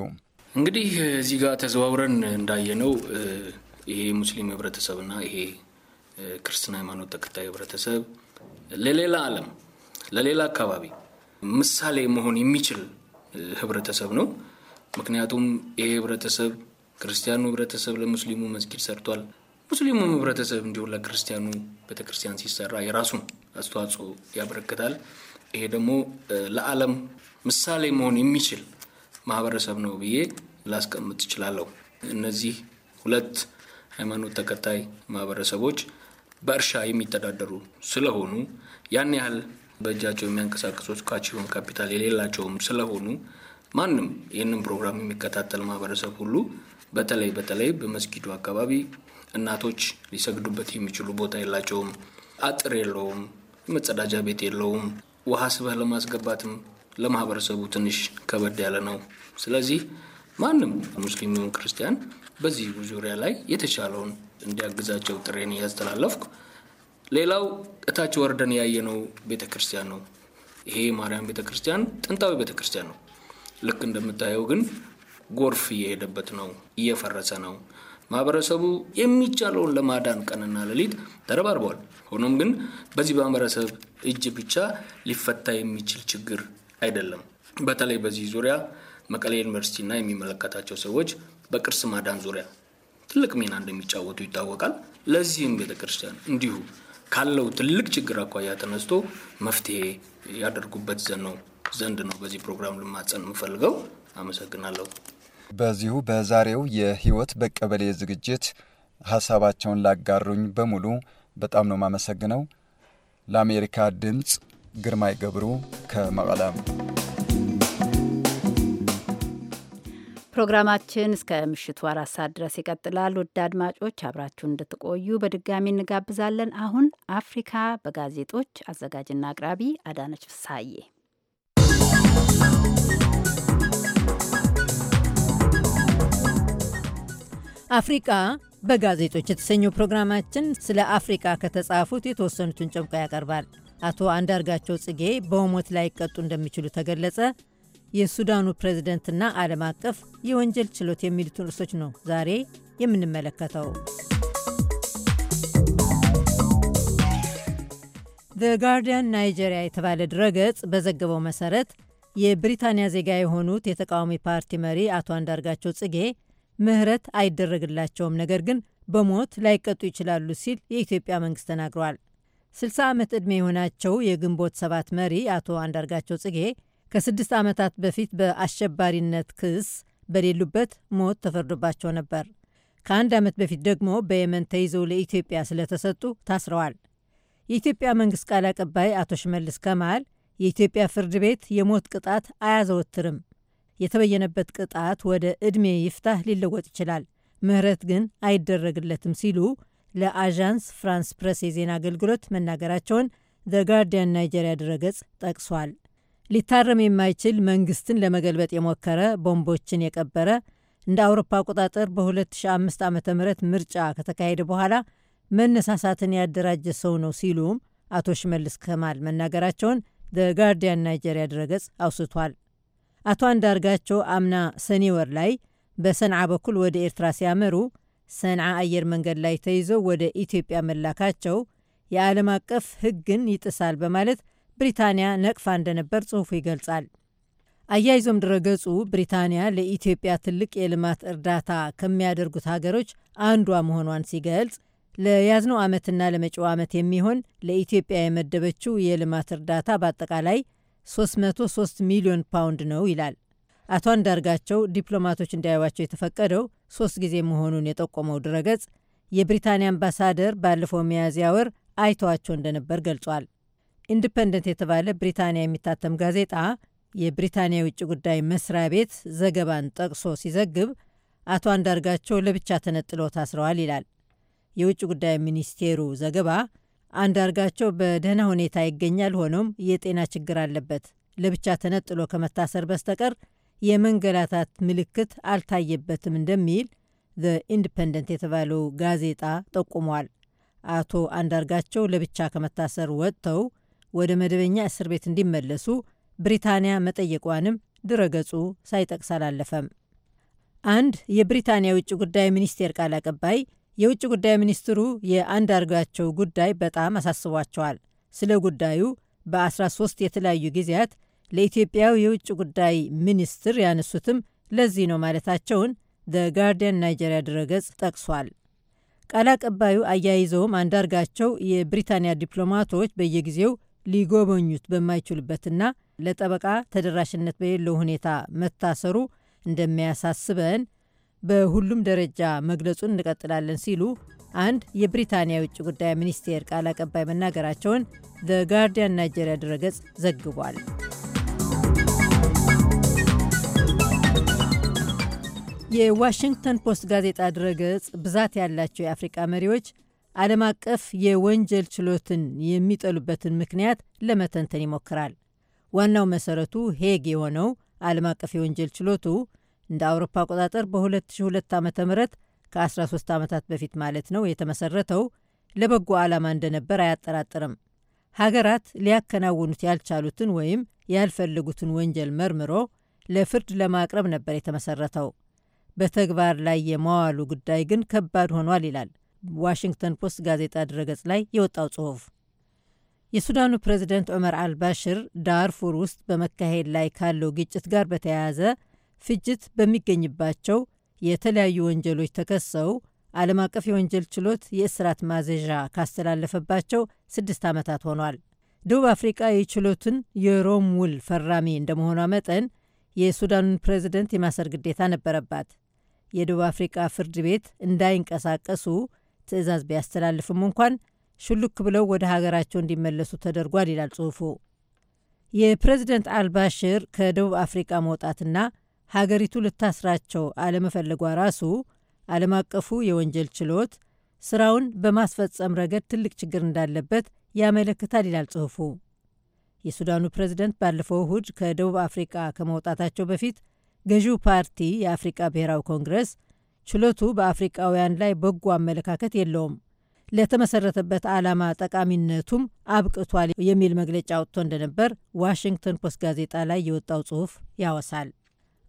እንግዲህ እዚህ ጋር ተዘዋውረን እንዳየነው ይሄ ሙስሊም ህብረተሰብና ይሄ ክርስትና ሃይማኖት ተከታይ ህብረተሰብ ለሌላ ዓለም ለሌላ አካባቢ ምሳሌ መሆን የሚችል ህብረተሰብ ነው። ምክንያቱም ይሄ ህብረተሰብ ክርስቲያኑ ህብረተሰብ ለሙስሊሙ መስጊድ ሰርቷል። ሙስሊሙም ህብረተሰብ እንዲሁ ለክርስቲያኑ ቤተክርስቲያን ሲሰራ የራሱን አስተዋጽኦ ያበረክታል። ይሄ ደግሞ ለዓለም ምሳሌ መሆን የሚችል ማህበረሰብ ነው ብዬ ላስቀምጥ እችላለሁ። እነዚህ ሁለት ሃይማኖት ተከታይ ማህበረሰቦች በእርሻ የሚተዳደሩ ስለሆኑ ያን ያህል በእጃቸው የሚያንቀሳቅሱት እውቃቸውም ካፒታል የሌላቸውም ስለሆኑ ማንም ይህንን ፕሮግራም የሚከታተል ማህበረሰብ ሁሉ በተለይ በተለይ በመስጊዱ አካባቢ እናቶች ሊሰግዱበት የሚችሉ ቦታ የላቸውም፣ አጥር የለውም፣ መጸዳጃ ቤት የለውም፣ ውሃ ስበህ ለማስገባትም ለማህበረሰቡ ትንሽ ከበድ ያለ ነው። ስለዚህ ማንም ሙስሊም ክርስቲያን በዚህ ዙሪያ ላይ የተቻለውን እንዲያግዛቸው ጥሬን እያስተላለፍኩ፣ ሌላው እታች ወርደን ያየነው ቤተ ክርስቲያን ነው። ይሄ ማርያም ቤተ ክርስቲያን ጥንታዊ ቤተ ክርስቲያን ነው። ልክ እንደምታየው ግን ጎርፍ እየሄደበት ነው፣ እየፈረሰ ነው። ማህበረሰቡ የሚቻለውን ለማዳን ቀንና ሌሊት ተረባርበዋል። ሆኖም ግን በዚህ በማህበረሰብ እጅ ብቻ ሊፈታ የሚችል ችግር አይደለም። በተለይ በዚህ ዙሪያ መቀሌ ዩኒቨርሲቲና የሚመለከታቸው ሰዎች በቅርስ ማዳን ዙሪያ ትልቅ ሚና እንደሚጫወቱ ይታወቃል። ለዚህም ቤተክርስቲያን እንዲሁ ካለው ትልቅ ችግር አኳያ ተነስቶ መፍትሄ ያደርጉበት ዘንድ ነው ዘንድ ነው በዚህ ፕሮግራም ልማጸን የምፈልገው። አመሰግናለሁ። በዚሁ በዛሬው የህይወት በቀበሌ ዝግጅት ሀሳባቸውን ላጋሩኝ በሙሉ በጣም ነው የማመሰግነው። ለአሜሪካ ድምፅ ግርማይ ገብሩ ከመቀለም። ፕሮግራማችን እስከ ምሽቱ አራት ሰዓት ድረስ ይቀጥላል። ውድ አድማጮች አብራችሁን እንድትቆዩ በድጋሚ እንጋብዛለን። አሁን አፍሪካ በጋዜጦች አዘጋጅና አቅራቢ አዳነች ፍሳዬ አፍሪቃ በጋዜጦች የተሰኘው ፕሮግራማችን ስለ አፍሪቃ ከተጻፉት የተወሰኑትን ጨምቆ ያቀርባል። አቶ አንዳርጋቸው ጽጌ በሞት ላይ ይቀጡ እንደሚችሉ ተገለጸ፣ የሱዳኑ ፕሬዝደንትና ዓለም አቀፍ የወንጀል ችሎት የሚሉትን ርዕሶች ነው ዛሬ የምንመለከተው። ዘ ጋርዲያን ናይጄሪያ የተባለ ድረገጽ በዘገበው መሰረት የብሪታንያ ዜጋ የሆኑት የተቃዋሚ ፓርቲ መሪ አቶ አንዳርጋቸው ጽጌ ምህረት አይደረግላቸውም፣ ነገር ግን በሞት ላይቀጡ ይችላሉ ሲል የኢትዮጵያ መንግስት ተናግረዋል። 60 ዓመት ዕድሜ የሆናቸው የግንቦት ሰባት መሪ አቶ አንዳርጋቸው ጽጌ ከስድስት ዓመታት በፊት በአሸባሪነት ክስ በሌሉበት ሞት ተፈርዶባቸው ነበር። ከአንድ ዓመት በፊት ደግሞ በየመን ተይዘው ለኢትዮጵያ ስለተሰጡ ታስረዋል። የኢትዮጵያ መንግሥት ቃል አቀባይ አቶ ሽመልስ ከማል የኢትዮጵያ ፍርድ ቤት የሞት ቅጣት አያዘወትርም የተበየነበት ቅጣት ወደ ዕድሜ ይፍታህ ሊለወጥ ይችላል፣ ምህረት ግን አይደረግለትም ሲሉ ለአዣንስ ፍራንስ ፕረስ የዜና አገልግሎት መናገራቸውን ዘ ጋርዲያን ናይጄሪያ ድረገጽ ጠቅሷል። ሊታረም የማይችል መንግስትን ለመገልበጥ የሞከረ ቦምቦችን የቀበረ እንደ አውሮፓ አቆጣጠር በ2005 ዓ ም ምርጫ ከተካሄደ በኋላ መነሳሳትን ያደራጀ ሰው ነው ሲሉም አቶ ሽመልስ ከማል መናገራቸውን ዘ ጋርዲያን ናይጄሪያ ድረገጽ አውስቷል። አቶ አንዳርጋቸው አምና ሰኔ ወር ላይ በሰንዓ በኩል ወደ ኤርትራ ሲያመሩ ሰንዓ አየር መንገድ ላይ ተይዘው ወደ ኢትዮጵያ መላካቸው የዓለም አቀፍ ሕግን ይጥሳል በማለት ብሪታንያ ነቅፋ እንደነበር ጽሑፉ ይገልጻል። አያይዞም ድረገጹ ብሪታንያ ለኢትዮጵያ ትልቅ የልማት እርዳታ ከሚያደርጉት ሀገሮች አንዷ መሆኗን ሲገልጽ ለያዝነው ዓመትና ለመጪው ዓመት የሚሆን ለኢትዮጵያ የመደበችው የልማት እርዳታ በአጠቃላይ 303 ሚሊዮን ፓውንድ ነው ይላል። አቶ አንዳርጋቸው ዲፕሎማቶች እንዲያዩቸው የተፈቀደው ሶስት ጊዜ መሆኑን የጠቆመው ድረገጽ የብሪታንያ አምባሳደር ባለፈው ሚያዝያ ወር አይተዋቸው እንደነበር ገልጿል። ኢንዲፐንደንት የተባለ ብሪታንያ የሚታተም ጋዜጣ የብሪታንያ የውጭ ጉዳይ መስሪያ ቤት ዘገባን ጠቅሶ ሲዘግብ አቶ አንዳርጋቸው ለብቻ ተነጥሎ ታስረዋል ይላል። የውጭ ጉዳይ ሚኒስቴሩ ዘገባ አንዳርጋቸው በደህና ሁኔታ ይገኛል። ሆኖም የጤና ችግር አለበት። ለብቻ ተነጥሎ ከመታሰር በስተቀር የመንገላታት ምልክት አልታየበትም እንደሚል ዘ ኢንዲፐንደንት የተባለው ጋዜጣ ጠቁሟል። አቶ አንዳርጋቸው ለብቻ ከመታሰር ወጥተው ወደ መደበኛ እስር ቤት እንዲመለሱ ብሪታንያ መጠየቋንም ድረገጹ ሳይጠቅስ አላለፈም። አንድ የብሪታንያ ውጭ ጉዳይ ሚኒስቴር ቃል አቀባይ የውጭ ጉዳይ ሚኒስትሩ የአንዳርጋቸው ጉዳይ በጣም አሳስቧቸዋል። ስለ ጉዳዩ በ13 የተለያዩ ጊዜያት ለኢትዮጵያው የውጭ ጉዳይ ሚኒስትር ያነሱትም ለዚህ ነው ማለታቸውን ዘ ጋርዲያን ናይጄሪያ ድረገጽ ጠቅሷል። ቃል አቀባዩ አያይዘውም አንዳርጋቸው የብሪታንያ ዲፕሎማቶች በየጊዜው ሊጎበኙት በማይችሉበትና ለጠበቃ ተደራሽነት በሌለው ሁኔታ መታሰሩ እንደሚያሳስበን በሁሉም ደረጃ መግለጹን እንቀጥላለን ሲሉ አንድ የብሪታንያ የውጭ ጉዳይ ሚኒስቴር ቃል አቀባይ መናገራቸውን ዘ ጋርዲያን ናይጄሪያ ድረገጽ ዘግቧል። የዋሽንግተን ፖስት ጋዜጣ ድረገጽ ብዛት ያላቸው የአፍሪቃ መሪዎች ዓለም አቀፍ የወንጀል ችሎትን የሚጠሉበትን ምክንያት ለመተንተን ይሞክራል። ዋናው መሰረቱ ሄግ የሆነው ዓለም አቀፍ የወንጀል ችሎቱ እንደ አውሮፓ አቆጣጠር በ2002 ዓ ም ከ13 ዓመታት በፊት ማለት ነው የተመሰረተው ለበጎ ዓላማ እንደነበር አያጠራጥርም። ሀገራት ሊያከናውኑት ያልቻሉትን ወይም ያልፈለጉትን ወንጀል መርምሮ ለፍርድ ለማቅረብ ነበር የተመሰረተው። በተግባር ላይ የመዋሉ ጉዳይ ግን ከባድ ሆኗል ይላል ዋሽንግተን ፖስት ጋዜጣ ድረገጽ ላይ የወጣው ጽሑፍ። የሱዳኑ ፕሬዚደንት ዑመር አልባሽር ዳርፉር ውስጥ በመካሄድ ላይ ካለው ግጭት ጋር በተያያዘ ፍጅት በሚገኝባቸው የተለያዩ ወንጀሎች ተከሰው ዓለም አቀፍ የወንጀል ችሎት የእስራት ማዘዣ ካስተላለፈባቸው ስድስት ዓመታት ሆኗል። ደቡብ አፍሪቃ የችሎቱን የሮም ውል ፈራሚ እንደመሆኗ መጠን የሱዳኑን ፕሬዝደንት የማሰር ግዴታ ነበረባት። የደቡብ አፍሪቃ ፍርድ ቤት እንዳይንቀሳቀሱ ትዕዛዝ ቢያስተላልፍም እንኳን ሹልክ ብለው ወደ ሀገራቸው እንዲመለሱ ተደርጓል ይላል ጽሑፉ። የፕሬዝደንት አልባሽር ከደቡብ አፍሪቃ መውጣትና ሀገሪቱ ልታስራቸው አለመፈለጓ ራሱ ዓለም አቀፉ የወንጀል ችሎት ስራውን በማስፈጸም ረገድ ትልቅ ችግር እንዳለበት ያመለክታል ይላል ጽሑፉ። የሱዳኑ ፕሬዝደንት ባለፈው እሁድ ከደቡብ አፍሪቃ ከመውጣታቸው በፊት ገዢው ፓርቲ የአፍሪቃ ብሔራዊ ኮንግረስ ችሎቱ በአፍሪቃውያን ላይ በጎ አመለካከት የለውም፣ ለተመሰረተበት ዓላማ ጠቃሚነቱም አብቅቷል የሚል መግለጫ አውጥቶ እንደነበር ዋሽንግተን ፖስት ጋዜጣ ላይ የወጣው ጽሑፍ ያወሳል።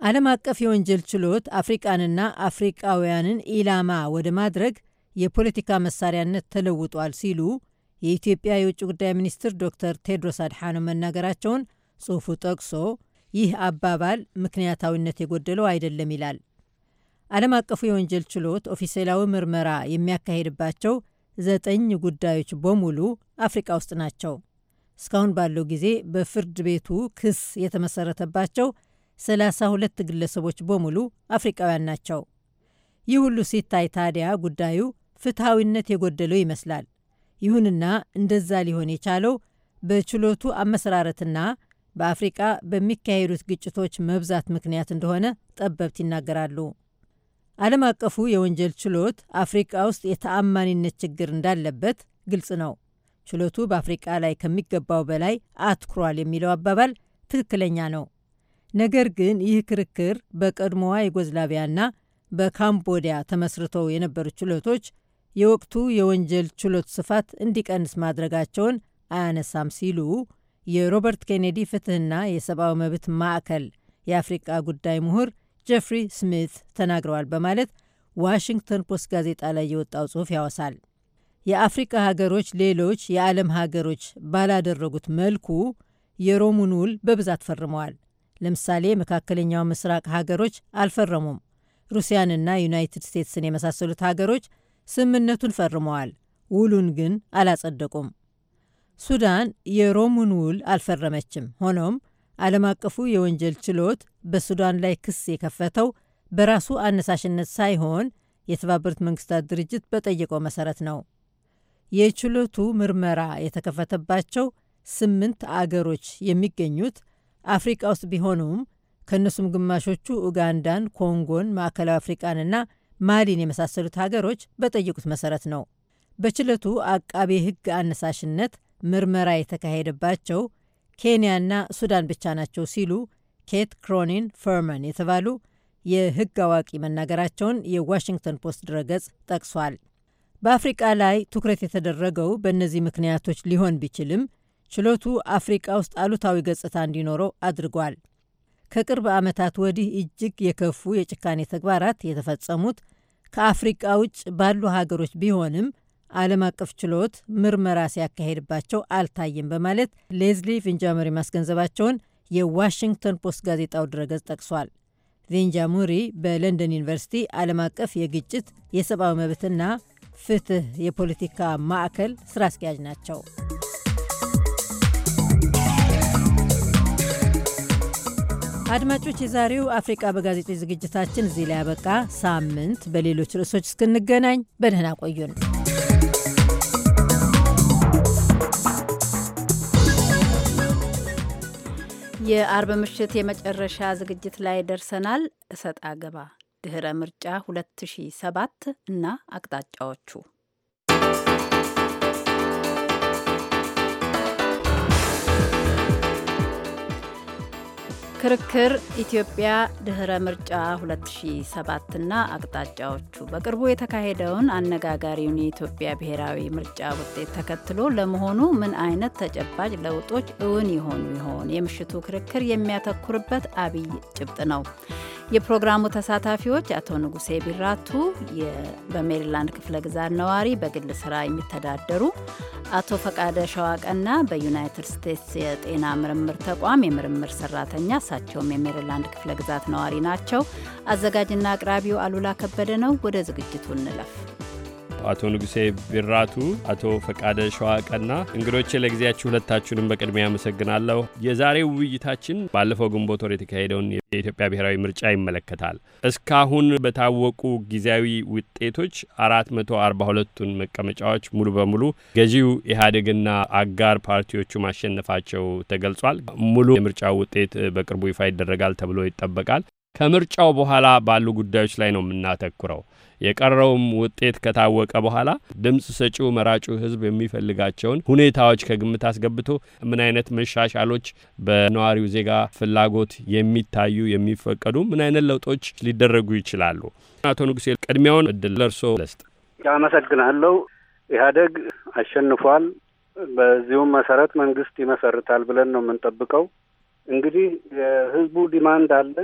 ዓለም አቀፍ የወንጀል ችሎት አፍሪቃንና አፍሪቃውያንን ኢላማ ወደ ማድረግ የፖለቲካ መሳሪያነት ተለውጧል ሲሉ የኢትዮጵያ የውጭ ጉዳይ ሚኒስትር ዶክተር ቴድሮስ አድሓኖ መናገራቸውን ጽሑፉ ጠቅሶ ይህ አባባል ምክንያታዊነት የጎደለው አይደለም ይላል። ዓለም አቀፉ የወንጀል ችሎት ኦፊሴላዊ ምርመራ የሚያካሄድባቸው ዘጠኝ ጉዳዮች በሙሉ አፍሪቃ ውስጥ ናቸው። እስካሁን ባለው ጊዜ በፍርድ ቤቱ ክስ የተመሰረተባቸው 32 ግለሰቦች በሙሉ አፍሪቃውያን ናቸው። ይህ ሁሉ ሲታይ ታዲያ ጉዳዩ ፍትሐዊነት የጎደለው ይመስላል። ይሁንና እንደዛ ሊሆን የቻለው በችሎቱ አመሰራረትና በአፍሪቃ በሚካሄዱት ግጭቶች መብዛት ምክንያት እንደሆነ ጠበብት ይናገራሉ። ዓለም አቀፉ የወንጀል ችሎት አፍሪቃ ውስጥ የተአማኒነት ችግር እንዳለበት ግልጽ ነው። ችሎቱ በአፍሪቃ ላይ ከሚገባው በላይ አትኩሯል የሚለው አባባል ትክክለኛ ነው። ነገር ግን ይህ ክርክር በቀድሞዋ ዩጎዝላቪያና በካምቦዲያ ተመስርተው የነበሩ ችሎቶች የወቅቱ የወንጀል ችሎት ስፋት እንዲቀንስ ማድረጋቸውን አያነሳም ሲሉ የሮበርት ኬኔዲ ፍትህና የሰብአዊ መብት ማዕከል የአፍሪቃ ጉዳይ ምሁር ጀፍሪ ስሚት ተናግረዋል በማለት ዋሽንግተን ፖስት ጋዜጣ ላይ የወጣው ጽሑፍ ያወሳል። የአፍሪቃ ሀገሮች ሌሎች የዓለም ሀገሮች ባላደረጉት መልኩ የሮሙን ውል በብዛት ፈርመዋል። ለምሳሌ መካከለኛው ምስራቅ ሀገሮች አልፈረሙም። ሩሲያንና ዩናይትድ ስቴትስን የመሳሰሉት ሀገሮች ስምምነቱን ፈርመዋል፣ ውሉን ግን አላጸደቁም። ሱዳን የሮሙን ውል አልፈረመችም። ሆኖም ዓለም አቀፉ የወንጀል ችሎት በሱዳን ላይ ክስ የከፈተው በራሱ አነሳሽነት ሳይሆን የተባበሩት መንግስታት ድርጅት በጠየቀው መሰረት ነው። የችሎቱ ምርመራ የተከፈተባቸው ስምንት አገሮች የሚገኙት አፍሪቃ ውስጥ ቢሆኑም ከእነሱም ግማሾቹ ኡጋንዳን፣ ኮንጎን፣ ማዕከላዊ አፍሪቃንና ማሊን የመሳሰሉት ሀገሮች በጠየቁት መሰረት ነው። በችለቱ አቃቤ ሕግ አነሳሽነት ምርመራ የተካሄደባቸው ኬንያና ሱዳን ብቻ ናቸው ሲሉ ኬት ክሮኒን ፈርመን የተባሉ የሕግ አዋቂ መናገራቸውን የዋሽንግተን ፖስት ድረገጽ ጠቅሷል። በአፍሪቃ ላይ ትኩረት የተደረገው በእነዚህ ምክንያቶች ሊሆን ቢችልም ችሎቱ አፍሪቃ ውስጥ አሉታዊ ገጽታ እንዲኖረው አድርጓል። ከቅርብ ዓመታት ወዲህ እጅግ የከፉ የጭካኔ ተግባራት የተፈጸሙት ከአፍሪቃ ውጭ ባሉ ሀገሮች ቢሆንም ዓለም አቀፍ ችሎት ምርመራ ሲያካሄድባቸው አልታየም በማለት ሌዝሊ ቪንጃሙሪ ማስገንዘባቸውን የዋሽንግተን ፖስት ጋዜጣው ድረገጽ ጠቅሷል። ቪንጃሙሪ በለንደን ዩኒቨርሲቲ ዓለም አቀፍ የግጭት የሰብአዊ መብትና ፍትህ የፖለቲካ ማዕከል ስራ አስኪያጅ ናቸው። አድማጮች፣ የዛሬው አፍሪቃ በጋዜጦች ዝግጅታችን እዚህ ላይ ያበቃ። ሳምንት በሌሎች ርዕሶች እስክንገናኝ በደህና ቆዩን። የአርብ ምሽት የመጨረሻ ዝግጅት ላይ ደርሰናል። እሰጥ አገባ ድህረ ምርጫ 2007 እና አቅጣጫዎቹ ክርክር ኢትዮጵያ ድህረ ምርጫ 2007ና አቅጣጫዎቹ በቅርቡ የተካሄደውን አነጋጋሪውን የኢትዮጵያ ብሔራዊ ምርጫ ውጤት ተከትሎ ለመሆኑ ምን አይነት ተጨባጭ ለውጦች እውን ይሆኑ ይሆን? የምሽቱ ክርክር የሚያተኩርበት አብይ ጭብጥ ነው። የፕሮግራሙ ተሳታፊዎች አቶ ንጉሴ ቢራቱ በሜሪላንድ ክፍለ ግዛት ነዋሪ፣ በግል ስራ የሚተዳደሩ አቶ ፈቃደ ሸዋቀና በዩናይትድ ስቴትስ የጤና ምርምር ተቋም የምርምር ሰራተኛ፣ እሳቸውም የሜሪላንድ ክፍለ ግዛት ነዋሪ ናቸው። አዘጋጅና አቅራቢው አሉላ ከበደ ነው። ወደ ዝግጅቱ እንለፍ። አቶ ንጉሴ ቢራቱ፣ አቶ ፈቃደ ሸዋቀና እንግዶቼ ለጊዜያችሁ ሁለታችሁንም በቅድሚያ አመሰግናለሁ። የዛሬው ውይይታችን ባለፈው ግንቦት ወር የተካሄደውን የኢትዮጵያ ብሔራዊ ምርጫ ይመለከታል። እስካሁን በታወቁ ጊዜያዊ ውጤቶች 442ቱን መቀመጫዎች ሙሉ በሙሉ ገዢው ኢህአዴግና አጋር ፓርቲዎቹ ማሸነፋቸው ተገልጿል። ሙሉ የምርጫ ውጤት በቅርቡ ይፋ ይደረጋል ተብሎ ይጠበቃል። ከምርጫው በኋላ ባሉ ጉዳዮች ላይ ነው የምናተኩረው። የቀረውም ውጤት ከታወቀ በኋላ ድምፅ ሰጪው መራጩ ህዝብ የሚፈልጋቸውን ሁኔታዎች ከግምት አስገብቶ ምን አይነት መሻሻሎች በነዋሪው ዜጋ ፍላጎት የሚታዩ የሚፈቀዱ ምን አይነት ለውጦች ሊደረጉ ይችላሉ? አቶ ንጉሴ ቅድሚያውን እድል ለርሶ ለስጥ። አመሰግናለሁ። ኢህአደግ አሸንፏል። በዚሁም መሰረት መንግስት ይመሰርታል ብለን ነው የምንጠብቀው። እንግዲህ የህዝቡ ዲማንድ አለ።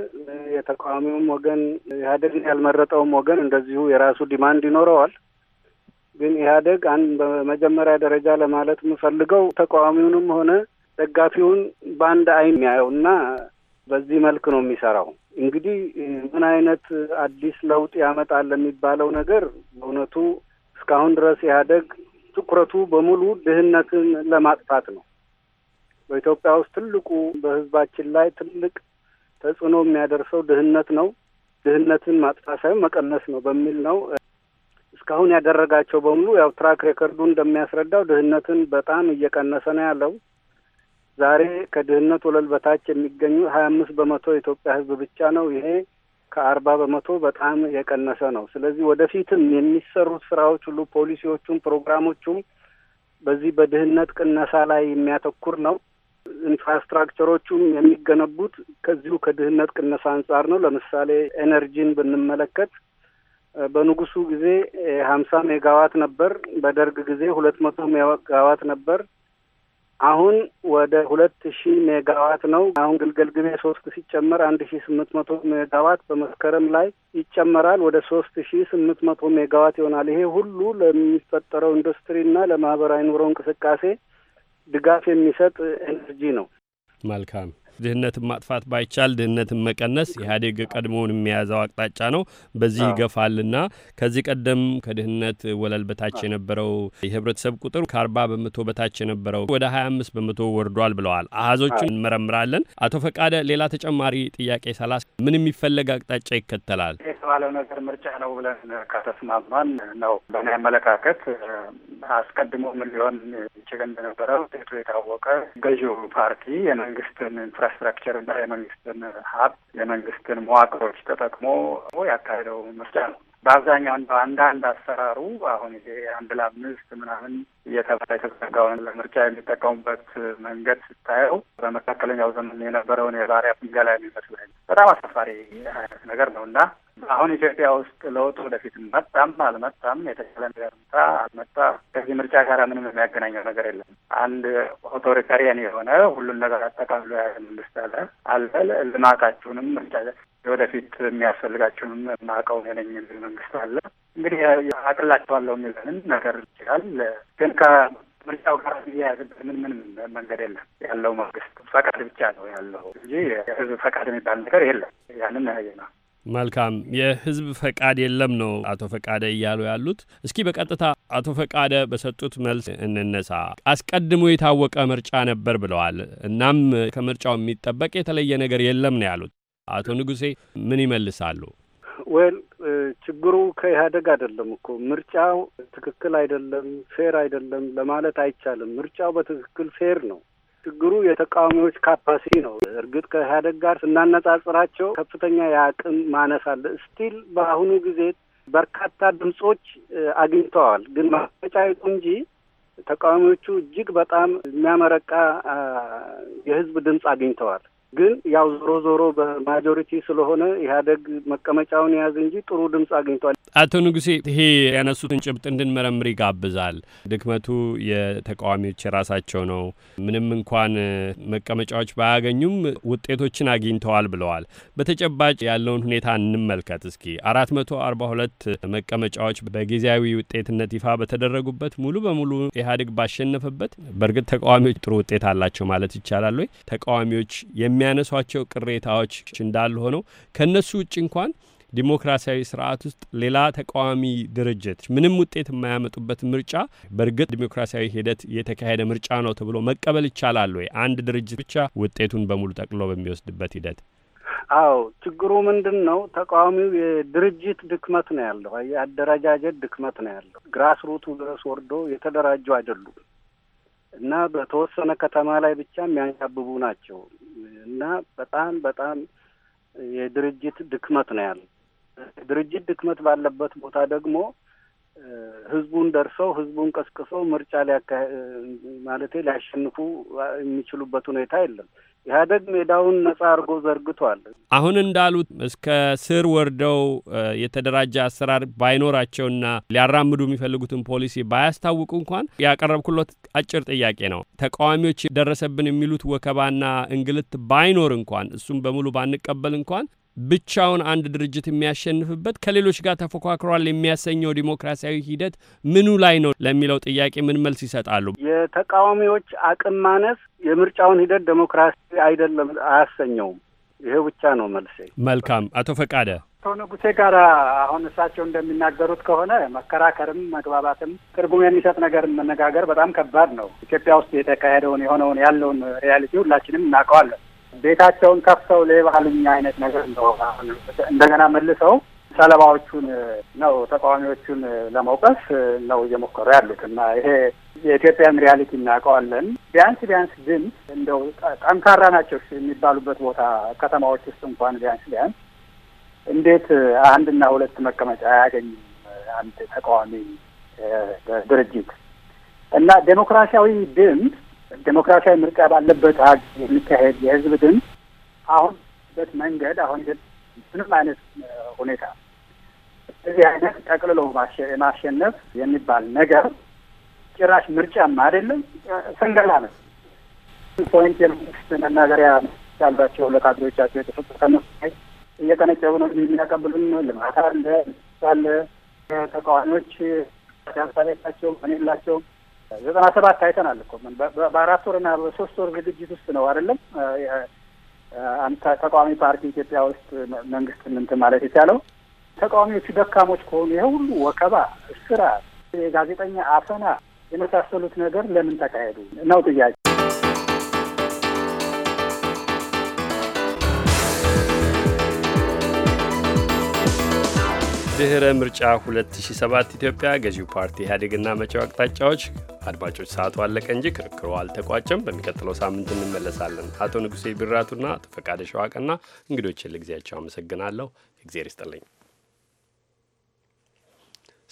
የተቃዋሚውም ወገን ኢህአዴግን ያልመረጠውም ወገን እንደዚሁ የራሱ ዲማንድ ይኖረዋል። ግን ኢህአዴግ አንድ በመጀመሪያ ደረጃ ለማለት የምፈልገው ተቃዋሚውንም ሆነ ደጋፊውን በአንድ አይን የሚያየው እና በዚህ መልክ ነው የሚሰራው። እንግዲህ ምን አይነት አዲስ ለውጥ ያመጣል የሚባለው ነገር በእውነቱ እስካሁን ድረስ ኢህአዴግ ትኩረቱ በሙሉ ድህነትን ለማጥፋት ነው። በኢትዮጵያ ውስጥ ትልቁ በህዝባችን ላይ ትልቅ ተጽዕኖ የሚያደርሰው ድህነት ነው። ድህነትን ማጥፋት ሳይሆን መቀነስ ነው በሚል ነው እስካሁን ያደረጋቸው በሙሉ ያው ትራክ ሬከርዱ እንደሚያስረዳው ድህነትን በጣም እየቀነሰ ነው ያለው። ዛሬ ከድህነት ወለል በታች የሚገኙ ሀያ አምስት በመቶ የኢትዮጵያ ህዝብ ብቻ ነው። ይሄ ከአርባ በመቶ በጣም የቀነሰ ነው። ስለዚህ ወደፊትም የሚሰሩት ስራዎች ሁሉ ፖሊሲዎቹም፣ ፕሮግራሞቹም በዚህ በድህነት ቅነሳ ላይ የሚያተኩር ነው። ኢንፍራስትራክቸሮቹም የሚገነቡት ከዚሁ ከድህነት ቅነሳ አንጻር ነው። ለምሳሌ ኤነርጂን ብንመለከት በንጉሱ ጊዜ ሀምሳ ሜጋዋት ነበር። በደርግ ጊዜ ሁለት መቶ ሜጋዋት ነበር። አሁን ወደ ሁለት ሺህ ሜጋዋት ነው። አሁን ግልገል ግቤ ሶስት ሲጨመር አንድ ሺህ ስምንት መቶ ሜጋዋት በመስከረም ላይ ይጨመራል። ወደ ሶስት ሺህ ስምንት መቶ ሜጋዋት ይሆናል። ይሄ ሁሉ ለሚፈጠረው ኢንዱስትሪና ለማህበራዊ ኑሮ እንቅስቃሴ ድጋፍ የሚሰጥ ኤነርጂ ነው። መልካም ድህነትን ማጥፋት ባይቻል ድህነትን መቀነስ ኢህአዴግ ቀድሞውን የሚያዘው አቅጣጫ ነው። በዚህ ይገፋልና ከዚህ ቀደም ከድህነት ወለል በታች የነበረው የህብረተሰብ ቁጥር ከአርባ በመቶ በታች የነበረው ወደ ሀያ አምስት በመቶ ወርዷል ብለዋል። አሀዞቹን እንመረምራለን። አቶ ፈቃደ ሌላ ተጨማሪ ጥያቄ ሰላ ምን የሚፈለግ አቅጣጫ ይከተላል የተባለው ነገር ምርጫ ነው ብለን ከተስማማን ነው በእኔ አመለካከት አስቀድሞ ምን ሊሆን ይችል እንደነበረው ጤቱ የታወቀ ገዢው ፓርቲ የመንግስትን ኢንፍራስትራክቸር እና የመንግስትን ሀብት የመንግስትን መዋቅሮች ተጠቅሞ ያካሄደው ምርጫ ነው። በአብዛኛው እንደ አንዳንድ አሰራሩ አሁን ይሄ አንድ ለአምስት ምናምን እየተባለ የተዘጋውን ለምርጫ የሚጠቀሙበት መንገድ ስታየው በመካከለኛው ዘመን የነበረውን የባሪያ ፍንገላ የሚመስለኝ በጣም አሳፋሪ አይነት ነገር ነው እና አሁን ኢትዮጵያ ውስጥ ለውጥ ወደፊት መጣም አልመጣም የተሻለ ነገር መጣ አልመጣ ከዚህ ምርጫ ጋር ምንም የሚያገናኘው ነገር የለም። አንድ ኦቶሪታሪያን የሆነ ሁሉን ነገር አጠቃሎ ያለ መንግስት አለ አለ ልማታችሁንም ምርጫ ወደፊት የሚያስፈልጋችሁንም የማውቀው ነኝ የሚል መንግስት አለ። እንግዲህ አቅላቸዋለሁ የሚለንን ነገር ይችላል ግን ምርጫው ጋር እያያዝበት ምን ምን መንገድ የለም። ያለው መንግስት ፈቃድ ብቻ ነው ያለው እንጂ የህዝብ ፈቃድ የሚባል ነገር የለም። ያንን ያየ ነው። መልካም የህዝብ ፈቃድ የለም ነው አቶ ፈቃደ እያሉ ያሉት። እስኪ በቀጥታ አቶ ፈቃደ በሰጡት መልስ እንነሳ። አስቀድሞ የታወቀ ምርጫ ነበር ብለዋል። እናም ከምርጫው የሚጠበቅ የተለየ ነገር የለም ነው ያሉት። አቶ ንጉሴ ምን ይመልሳሉ? ወል ችግሩ ከኢህአደግ አይደለም እኮ ምርጫው ትክክል አይደለም፣ ፌር አይደለም ለማለት አይቻልም። ምርጫው በትክክል ፌር ነው። ችግሩ የተቃዋሚዎች ካፓሲቲ ነው። እርግጥ ከኢህአደግ ጋር ስናነጻጽራቸው ከፍተኛ የአቅም ማነስ አለ። ስቲል በአሁኑ ጊዜ በርካታ ድምጾች አግኝተዋል። ግን ማጫየቱ እንጂ ተቃዋሚዎቹ እጅግ በጣም የሚያመረቃ የህዝብ ድምፅ አግኝተዋል። ግን ያው ዞሮ ዞሮ በማጆሪቲ ስለሆነ ኢህአዴግ መቀመጫውን የያዝ እንጂ ጥሩ ድምፅ አግኝቷል። አቶ ንጉሴ ይሄ ያነሱትን ጭብጥ እንድንመረምር ይጋብዛል። ድክመቱ የተቃዋሚዎች የራሳቸው ነው። ምንም እንኳን መቀመጫዎች ባያገኙም ውጤቶችን አግኝተዋል ብለዋል። በተጨባጭ ያለውን ሁኔታ እንመልከት እስኪ። አራት መቶ አርባ ሁለት መቀመጫዎች በጊዜያዊ ውጤትነት ይፋ በተደረጉበት ሙሉ በሙሉ ኢህአዴግ ባሸነፈበት፣ በእርግጥ ተቃዋሚዎች ጥሩ ውጤት አላቸው ማለት ይቻላል ወይ? ተቃዋሚዎች የሚ የሚያነሷቸው ቅሬታዎች እንዳሉ ሆነው ከእነሱ ውጭ እንኳን ዲሞክራሲያዊ ስርዓት ውስጥ ሌላ ተቃዋሚ ድርጅት ምንም ውጤት የማያመጡበት ምርጫ በእርግጥ ዲሞክራሲያዊ ሂደት የተካሄደ ምርጫ ነው ተብሎ መቀበል ይቻላል ወይ? አንድ ድርጅት ብቻ ውጤቱን በሙሉ ጠቅሎ በሚወስድበት ሂደት። አዎ፣ ችግሩ ምንድን ነው? ተቃዋሚው የድርጅት ድክመት ነው ያለው፣ የአደረጃጀት ድክመት ነው ያለው። ግራስሩቱ ድረስ ወርዶ የተደራጁ አይደሉም። እና በተወሰነ ከተማ ላይ ብቻ የሚያንዣብቡ ናቸው እና በጣም በጣም የድርጅት ድክመት ነው ያለ ድርጅት ድክመት ባለበት ቦታ ደግሞ ህዝቡን ደርሰው ህዝቡን ቀስቅሰው ምርጫ ሊያካ ማለት ሊያሸንፉ የሚችሉበት ሁኔታ የለም። ኢህአደግ ሜዳውን ነጻ አድርጎ ዘርግቷል። አሁን እንዳሉት እስከ ስር ወርደው የተደራጀ አሰራር ባይኖራቸውና ሊያራምዱ የሚፈልጉትን ፖሊሲ ባያስታውቁ እንኳን ያቀረብኩሎት አጭር ጥያቄ ነው። ተቃዋሚዎች ደረሰብን የሚሉት ወከባና እንግልት ባይኖር እንኳን እሱም በሙሉ ባንቀበል እንኳን ብቻውን አንድ ድርጅት የሚያሸንፍበት ከሌሎች ጋር ተፎካክሯል የሚያሰኘው ዲሞክራሲያዊ ሂደት ምኑ ላይ ነው ለሚለው ጥያቄ ምን መልስ ይሰጣሉ? የተቃዋሚዎች አቅም ማነስ የምርጫውን ሂደት ዴሞክራሲ አይደለም አያሰኘውም። ይሄ ብቻ ነው መልሴ። መልካም አቶ ፈቃደ አቶ ንጉሴ ጋር አሁን እሳቸው እንደሚናገሩት ከሆነ መከራከርም መግባባትም ትርጉም የሚሰጥ ነገር መነጋገር በጣም ከባድ ነው። ኢትዮጵያ ውስጥ የተካሄደውን የሆነውን ያለውን ሪያሊቲ ሁላችንም እናውቀዋለን። ቤታቸውን ከፍተው ሌባ አይነት ነገር እንደሆነ እንደገና መልሰው ሰለባዎቹን ነው ተቃዋሚዎቹን ለመውቀስ ነው እየሞከሩ ያሉት እና ይሄ የኢትዮጵያን ሪያሊቲ እናውቀዋለን። ቢያንስ ቢያንስ ግን እንደው ጠንካራ ናቸው የሚባሉበት ቦታ ከተማዎች ውስጥ እንኳን ቢያንስ ቢያንስ እንዴት አንድና ሁለት መቀመጫ አያገኝም አንድ ተቃዋሚ ድርጅት እና ዴሞክራሲያዊ ድምፅ ዴሞክራሲያዊ ምርጫ ባለበት ሀገር የሚካሄድ የህዝብ ድምፅ አሁን በት መንገድ አሁን ምንም አይነት ሁኔታ እዚህ አይነት ጠቅልሎ ማሸነፍ የሚባል ነገር ጭራሽ ምርጫም አይደለም፣ ስንገላ ነው። ፖይንት የመንግስት መናገሪያ ያልባቸው ለካድሬዎቻቸው የተሰጡ ከነሱ ላይ እየቀነጨቡ ነው የሚያቀብሉን። ልማት አለ ሳለ ተቃዋሚዎች ሳቤታቸው ሆኔላቸው ዘጠና ሰባት አይተናል እኮ ምን በአራት ወርና በሶስት ወር ዝግጅት ውስጥ ነው አይደለም ተቃዋሚ ፓርቲ ኢትዮጵያ ውስጥ መንግስት እንትን ማለት የቻለው ተቃዋሚዎቹ ደካሞች ከሆኑ ይሄ ሁሉ ወከባ፣ ስራ የጋዜጠኛ አፈና የመሳሰሉት ነገር ለምን ተካሄዱ ነው ጥያቄ። ድህረ ምርጫ 2007 ኢትዮጵያ ገዢው ፓርቲ ኢህአዴግና መጪው አቅጣጫዎች አድማጮች፣ ሰዓቱ አለቀ እንጂ ክርክሮ አልተቋጨም። በሚቀጥለው ሳምንት እንመለሳለን። አቶ ንጉሴ ቢራቱና አቶ ፈቃደ ሸዋቅና እንግዶችን ለጊዜያቸው አመሰግናለሁ። እግዜር ይስጥልኝ።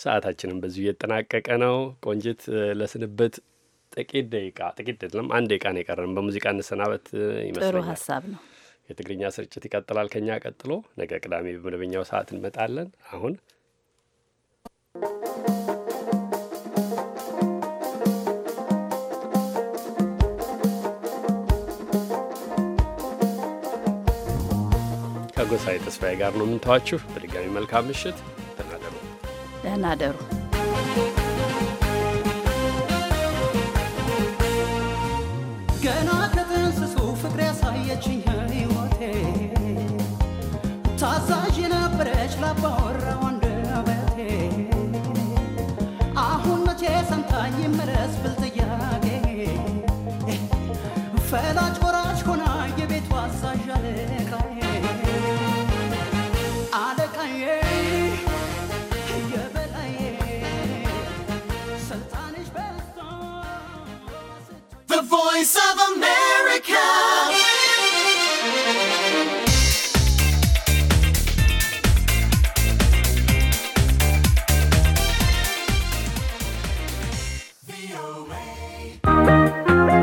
ሰዓታችንም በዚሁ እየጠናቀቀ ነው። ቆንጅት ለስንበት ጥቂት ደቂቃ ጥቂት ደለም አንድ ደቂቃ ነው የቀረን። በሙዚቃ እንሰናበት ይመስለኛል። ጥሩ ሀሳብ ነው። የትግርኛ ስርጭት ይቀጥላል። ከኛ ቀጥሎ ነገ ቅዳሜ በመደበኛው ሰዓት እንመጣለን። አሁን Thank you. ከጎሳዬ ተስፋዬ ጋር ነው የምንተዋችሁ። በድጋሚ መልካም ምሽት። ደህናደሩ ደህናደሩ። ገና ከጥንስሱ ፍቅር ያሳየችኝ ህይወቴ ታዛዥ የነበረች ላባወራ ወንድበቴ አሁን መቼ ሰምታኝ መለስ ብል ጥያቄ ፈላጭ Voice of America.